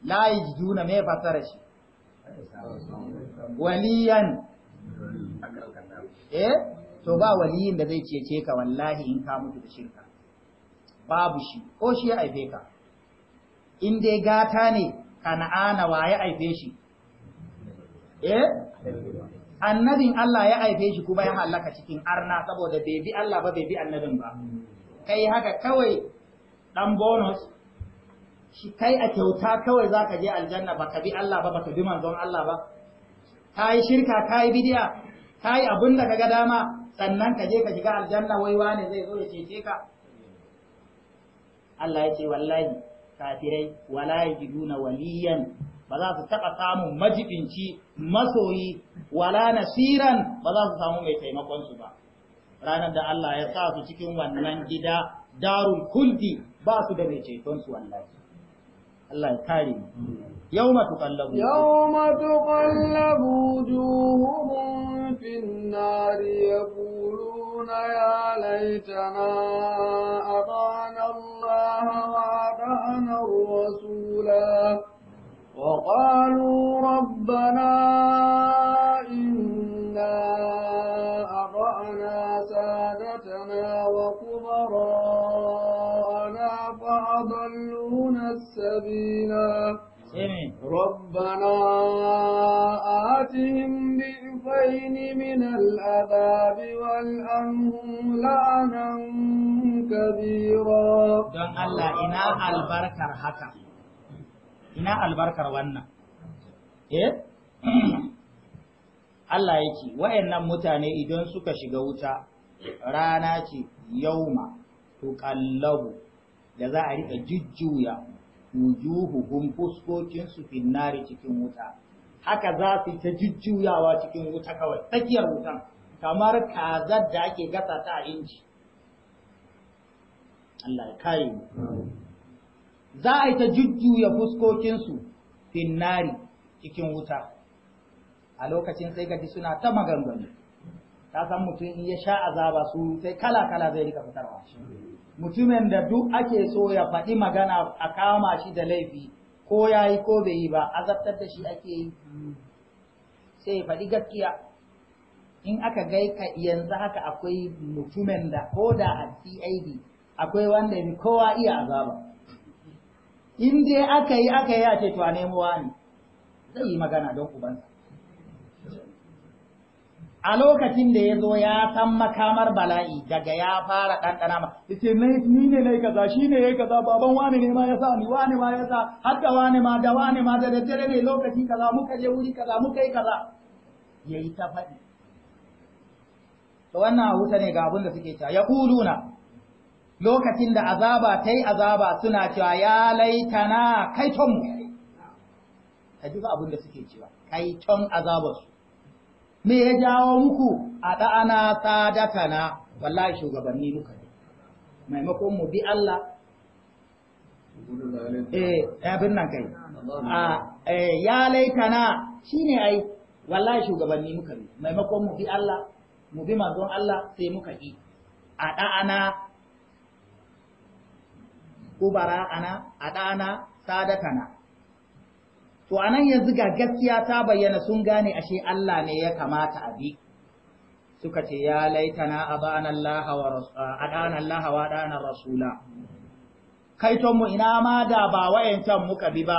la yajiduna me fasara shi waliyan eh to ba waliyin da zai cece ka wallahi in ka mutu da shirka babu shi ko shi ya aife ka in dai gata ne kana'ana wa ya aife shi eh annabin Allah ya aife shi kuma ya halaka cikin arna saboda bai bi Allah ba bai bi annabin ba kai haka kawai dan bonus kai a kyauta kawai za ka je aljanna ba ka bi Allah ba ba ka bi manzon Allah ba ka yi shirka ka yi bidiya ka yi abin da ka ga dama sannan ka je ka shiga aljanna wai wane zai zo ya cece ka Allah ya ce wallahi kafirai wala yajiduna waliyan ba za su taɓa samun majibinci masoyi wala nasiran ba za su samu mai taimakon su ba ranar da Allah ya sa su cikin wannan gida darul kuldi ba su da mai ceton su wallahi Allah ya kare yawma tuqallabu yawma tuqallabu wujuhuhum fin nar yaquluna ya laitana atana Allah wa atana rasula وقالوا ربنا إنا أطعنا سادتنا وكبراءنا وأضلونا السبيلا ربنا آتهم ضعفين من العذاب والأنهم لعنا كبيرا دون الله إنا البركة حكا إنا البركة وانا إيه Allah ya ce, wa'yannan mutane idan suka shiga wuta rana ce yauma tuƙallabu da za a riƙa jujjuya wujuhuhum fuskokinsu finnari cikin wuta haka za su ta jujjuyawa cikin wuta kawai tsakiyar wutan kamar kazar da ake gasa ta a inji Allah ya kare za a yi ta jujjuya fuskokinsu finnari cikin wuta a lokacin sai gaji suna ta maganganu ka san mutum in ya sha azaba su sai kala kala zai rika fitarwa mutumin da duk ake so ya faɗi magana a kama shi da laifi ko ya yi ko bai yi ba azabtar da shi ake yi sai faɗi gaskiya in aka gaika yanzu haka akwai mutumin da ko da a CID akwai wanda ya kowa iya azaba in dai aka yi aka yi a ce to a nemo wani zai yi magana don ubansa a lokacin da ya zo ya san makamar bala'i daga ya fara ɗanɗana ma ya ce ni ne na kaza shi ne ya kaza baban wani ne ma ya sa ni wani ma ya sa har da wani ma da wani ma da daddare ne lokaci kaza muka je wuri kaza muka yi kaza ya yi ta faɗi to wannan wuta ne ga abin da suke cewa ya kuluna lokacin da azaba ta yi azaba suna cewa ya laitana kaiton mu ka ji abin da suke cewa kaiton azabarsu me ya jawo muku a ɗa'ana sadatana wallahi shugabanni muka ne maimakon mu bi Allah eh abin nan kai ah, eh, ya na shine ai wallahi shugabanni muka bi maimakon mu bi Allah mu bi manzon Allah sai muka yi a ɗa'ana kubara ana a ɗa'ana na to anan yanzu ga gaskiya ta bayyana sun gane ashe Allah ne ya kamata a bi suka ce ya laitana a adana Allah wa adana rasula kaiton mu ina ma da ba wayancan muka bi ba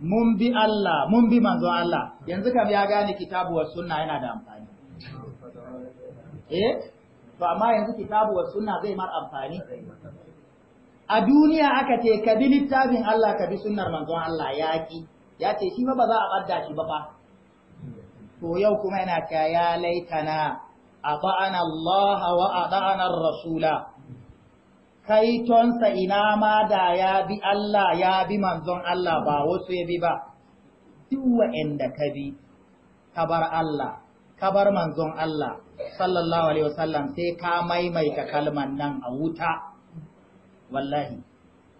mun bi Allah mun bi manzo Allah yanzu kam ya gane kitabu wa sunna yana da amfani eh to amma yanzu kitabu wa sunna zai mar amfani a duniya aka ce ka bi littafin Allah ka bi sunnar manzon Allah yaki ya ce shi ma ba za a ɓadda shi ba ba to yau kuma yana cewa ya laitana a ba'ana Allah wa a da'anar rasula kaitonsa ina ma da ya bi Allah ya bi manzon Allah ba wasu ya bi ba duk wa'anda ka bi ka bar Allah ka bar manzon Allah sallallahu alaihi wasallam sai ka maimaita kalman nan a wuta wallahi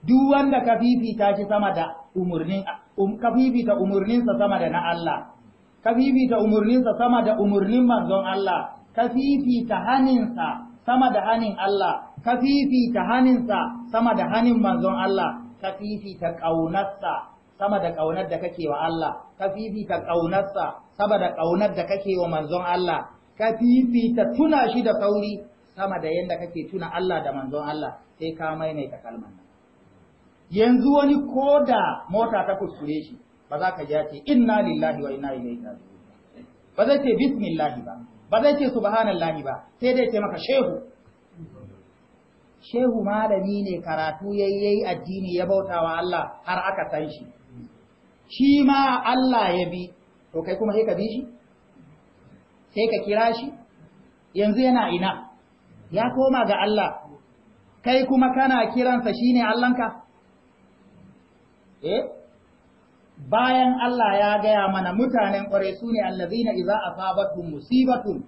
duk wanda ka fifita shi sama da umurnin Um, ka fifita umarninsa sama da na Allah ka fifita umarninsa sama da umarnin manzon Allah ka fifita haninsa sama da hanin Allah ka fifita haninsa sama da hanin manzon Allah ka fifita ƙaunarsa sama da ƙaunar da kake wa Allah ka fifita ƙaunarsa sama da ƙaunar da kake wa manzon Allah ka fifita tuna shi da sauri sama da yadda kake tuna Allah da manzon Allah sai ka maimaita kalmar yanzu wani ko da mota ta kuskure shi ba za ka ja ce inna lillahi wa inna ilaihi raji'un ba zai ce bismillahi ba ba zai ce subhanallahi ba sai dai ce maka shehu shehu malami ne karatu yayyayi addini ya bautawa Allah har aka san shi shi ma Allah ya bi to kai kuma sai ka bi shi sai ka kira shi yanzu yana ina ya koma ga Allah kai kuma kana kiransa shine Allahnka eh bayan Allah ya gaya mana mutanen ƙware su ne allazina idza asabatkum musibatun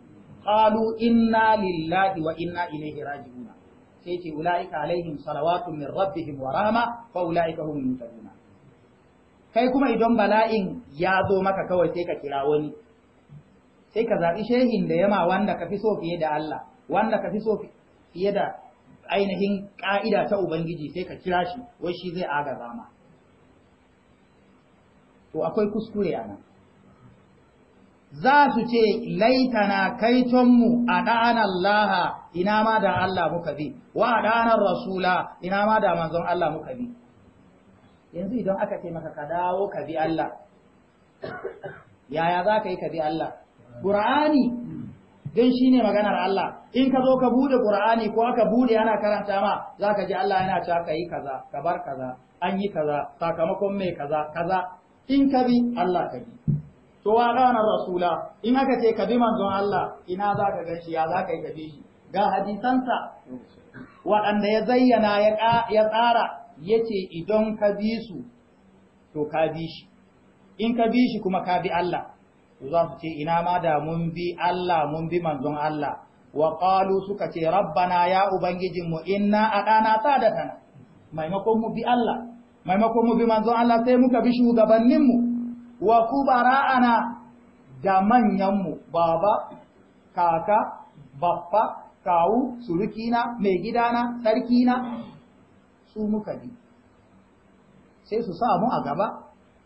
qalu inna lillahi wa inna ilaihi raji'un sai ce ulaika alaihim salawatun min rabbihim wa rahma fa ulaika hum muhtadun kai kuma idan bala'in ya zo maka kawai sai ka kira wani sai ka zaɓi shehin da yama wanda ka fi so fiye da Allah wanda ka fi so fiye da ainihin ƙa'ida ta Ubangiji sai ka kira shi wai shi zai agaza zama. to akwai kuskure ana za su ce laitana kaitonmu a ɗanar ina ma da Allah muka bi wa a rasula ina ma da manzon Allah muka bi yanzu idan aka ce maka ka dawo ka bi Allah yaya za ka yi ka bi Allah ƙura'ani don shi ne maganar Allah in ka zo ka bude ƙura'ani ko aka bude ana karanta ma za ka ji Allah yana cewa ka yi kaza ka bar kaza an yi kaza sakamakon mai kaza kaza in ka bi Allah ka bi to wa kana rasula in aka ce ka bi manzon Allah ina za ka gashi? ya za ka yi gabe shi ga hadisansa waɗanda ya zayyana ya tsara ya ce idan ka bi su to ka bi shi in ka bi shi kuma ka bi Allah to za su ce ina ma da mun bi Allah mun bi manzon Allah wa qalu suka ce rabbana ya ubangijin ubangijinmu inna aqana sadatana maimakon mu bi Allah maimakon mu bi manzon Allah sai muka bi shugabanninmu wa bara'ana da manyan mu baba kaka baffa kawu surukina mai gidana sarkina su muka bi sai su sa mu a gaba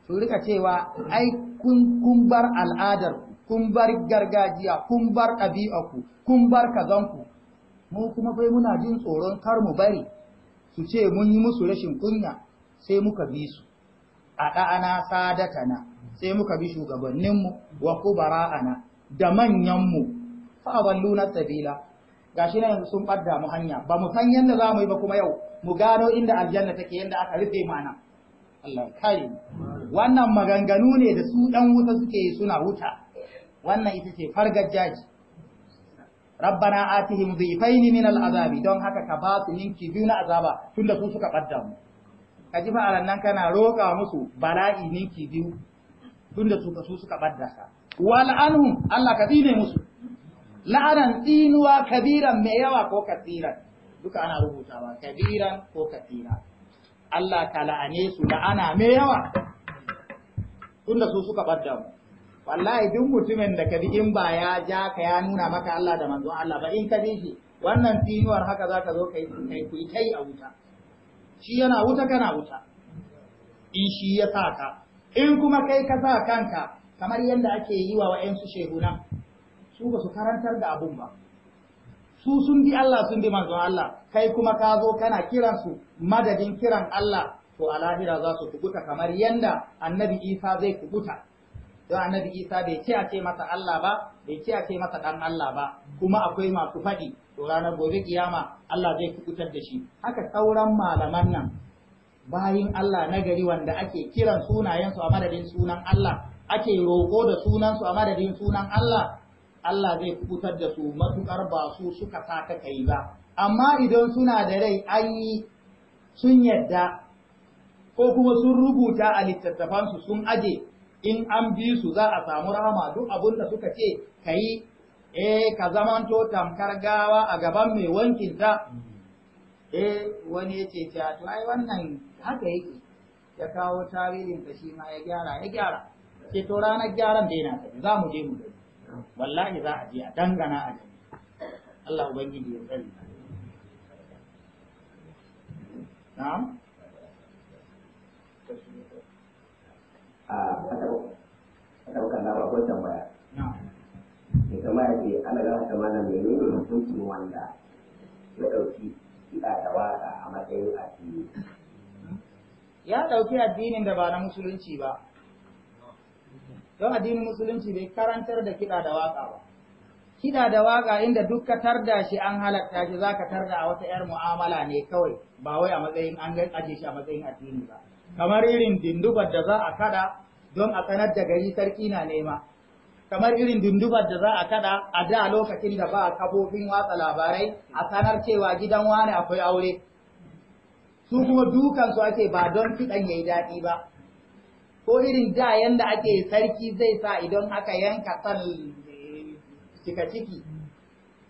su rika cewa ai kun bar al'adar kun bar gargajiya kun bar ɗabi'aku kun bar kazanku mu kuma bai muna jin tsoron kar mu bari su ce mun yi musu rashin kunya sai muka bi su a sadata sadatana sai muka bi shugabanninmu wa kubara'ana da manyanmu fa'aballu na shi na yanzu sun ɓadda mu hanya ba mu san yadda za mu yi ba kuma yau mu gano inda aljanna take yadda aka rufe mana Allah kai wannan maganganu ne da su ɗan wuta suke yi suna wuta wannan ita ce fargajaji rabbana atihim dhifaini min al'azabi don haka ka ba su ninki biyu na azaba tunda su suka ɓadda mu Kaji ji fa'aran nan kana roƙa musu bala'i ninki biyu tunda su su suka badda ka wal anhum Allah ka ne musu la'anan tsinuwa kabiran mai yawa ko kasiran duka ana rubutawa kabiran ko kasira Allah ka la'ane su la'ana mai yawa tunda su suka badda mu wallahi duk mutumin da ka in ba ya ja ka ya nuna maka Allah da manzon Allah ba in ka ji shi wannan tinuwar haka zaka zo kai kai kai a wuta shi yana wuta kana wuta in shi ya sa ka in kuma kai ka sa kanka kamar yadda ake yi wa wa'yansu shehuna su ba su karantar da abun ba su sun bi Allah sun bi manzon Allah kai kuma ka zo kana kiransu madadin kiran Allah to a lahira za su kubuta kamar yadda annabi Isa zai kubuta don annabi isa bai ce a ce masa Allah ba bai ce a ce masa dan Allah ba kuma akwai masu faɗi to ranar gobe kiyama Allah zai kubutar da shi haka sauran malaman nan bayin Allah na gari wanda ake kiran sunayensu a madadin sunan Allah ake roƙo da sunansu a madadin sunan Allah Allah zai kubutar da su matukar ba su suka saka kai ba amma idan suna da rai an sun yadda ko kuma sun rubuta a littattafansu sun aje in an bi su za a samu rahama duk abin da suka ce ka yi eh ka zamanto tamkar gawa a gaban mai wankin ta eh wani ya ce ta to ai wannan haka yake ya kawo tarihin ka shi ma ya gyara ya gyara ce to ranar gyaran da yana tafi za mu je mu gani wallahi za a je a dangana a gani Allah ubangiji ya tsare na'am a ah, ɗaukar tambaya ya kama ya nuna wanda ya ɗauki kiɗa da a matsayin addini ya ɗauki addinin da ba na musulunci ba don addinin musulunci bai karantar da kiɗa da waƙa ba kiɗa da waƙa inda duk ka tarda shi an halatta shi za ka tarda a wata 'yar mu'amala ne kawai ba wai a matsayin an aje shi a matsayin addini ba kamar irin dindubar da za a kada don a sanar da gari sarki na nema kamar irin dundubar da za a kada a da lokacin da ba a kafofin watsa labarai a sanar cewa gidan wani akwai aure su kuma dukansu ake ba don kiɗan ya yi daɗi ba ko irin da yanda ake sarki zai sa idan aka yanka san cika ciki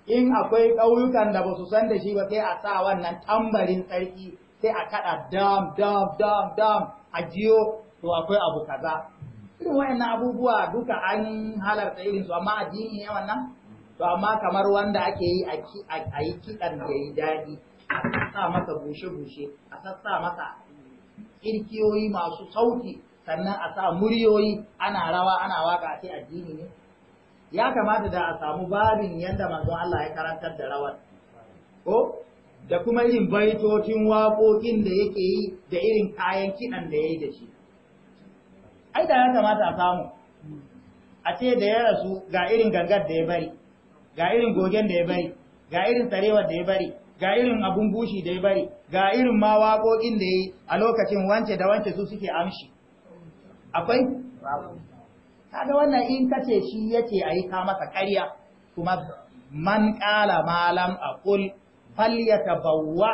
in akwai ƙauyukan da ba su san da shi ba sai a sa wannan tambarin sarki sai a kaɗa dam dam dam dam a jiyo to akwai abu kaza irin waɗannan abubuwa duka an halarta irin su amma addini ne wannan to amma kamar wanda ake yi a yi kiɗan da yi daɗi a sassa masa bushe-bushe a sassa masa kirkiyoyi masu sauti sannan a sa muryoyi ana rawa ana waka a ce addini ne ya kamata da a samu babin yadda manzon Allah ya karantar da rawar ko da kuma irin baitocin waƙoƙin da yake yi da irin kayan kiɗan da ya yi da shi ai da ya kamata a samu a ce da ya rasu ga irin gangar da ya bari ga irin gogen da ya bari ga irin tsarewar da ya bari ga irin abun bushi da ya bari ga irin ma waƙoƙin da ya yi a lokacin wance da wance su suke amshi akwai kaga wannan in kace shi yace ayi ka masa ƙarya kuma man qala ma lam aqul falyatabawwa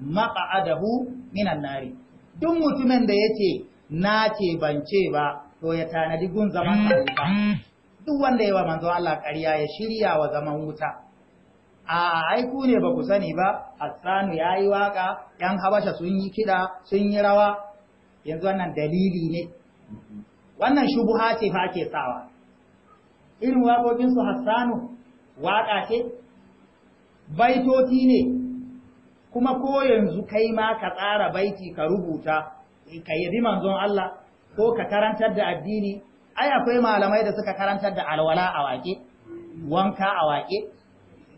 maq'adahu minan nari duk mutumin da yace na ce ban ce ba to ya tanadi gun zaman mm, sa mm. duk wanda yawa manzo Allah ƙarya ya shirya wa zaman wuta a aiku ne ba ku sani ba Hassanu ya yi waka yan habasha sun yi kiɗa sun yi rawa yanzu wannan dalili ne wannan shubuha ce fa ke sawa irin waƙoƙinsu Hassanu waƙa ce baitoti ne kuma ko yanzu kai ma ka tsara baiti ka rubuta ka yabi manzon Allah ko ka karantar da addini ai akwai malamai da suka karantar da alwala a wake wanka a wake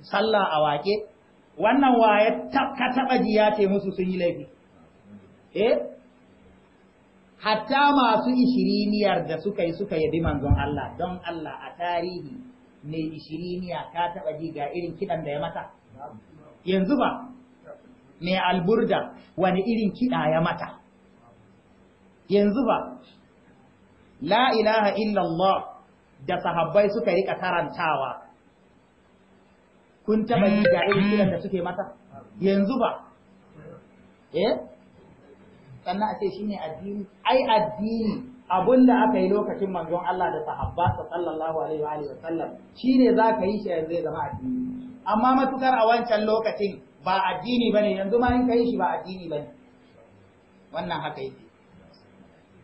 sallah a wake wannan waye ka taba jiya ce musu sun yi laifi eh hatta masu ishiriniyar da suka yi suka yabi manzon Allah don Allah a tarihi mai ishiriniya ka taba ji ga irin kidan da ya mata yanzu ba mai alburda wani irin kida ya mata yanzu ba la ilaha illallah da sahabbai suka rika karantawa kun taɓa yi ga irin kiran da suke mata yanzu ba eh sannan a ce ne addini ai addini abinda aka yi lokacin manzon Allah da sahabba sallallahu alaihi wa alihi wasallam shine ka yi shi yanzu zai zama addini amma matukar a wancan lokacin ba addini ba ne yanzu ma in ka yi shi ba addini ba ne wannan haka yake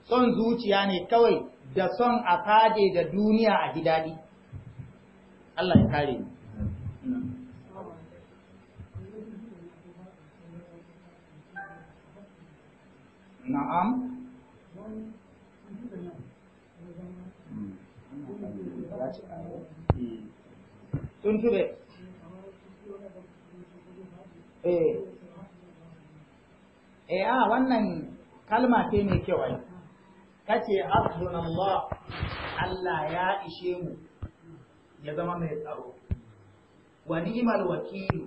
son zuciya ne kawai da son a fade da duniya a ji daɗi Allah ya kare ni. na'am tuntube eh eh a ah, wannan kalma ce mai kyau ai kace hasbunallah Allah ya ishe mu ya zama mai tsaro wa ni'mal wakilu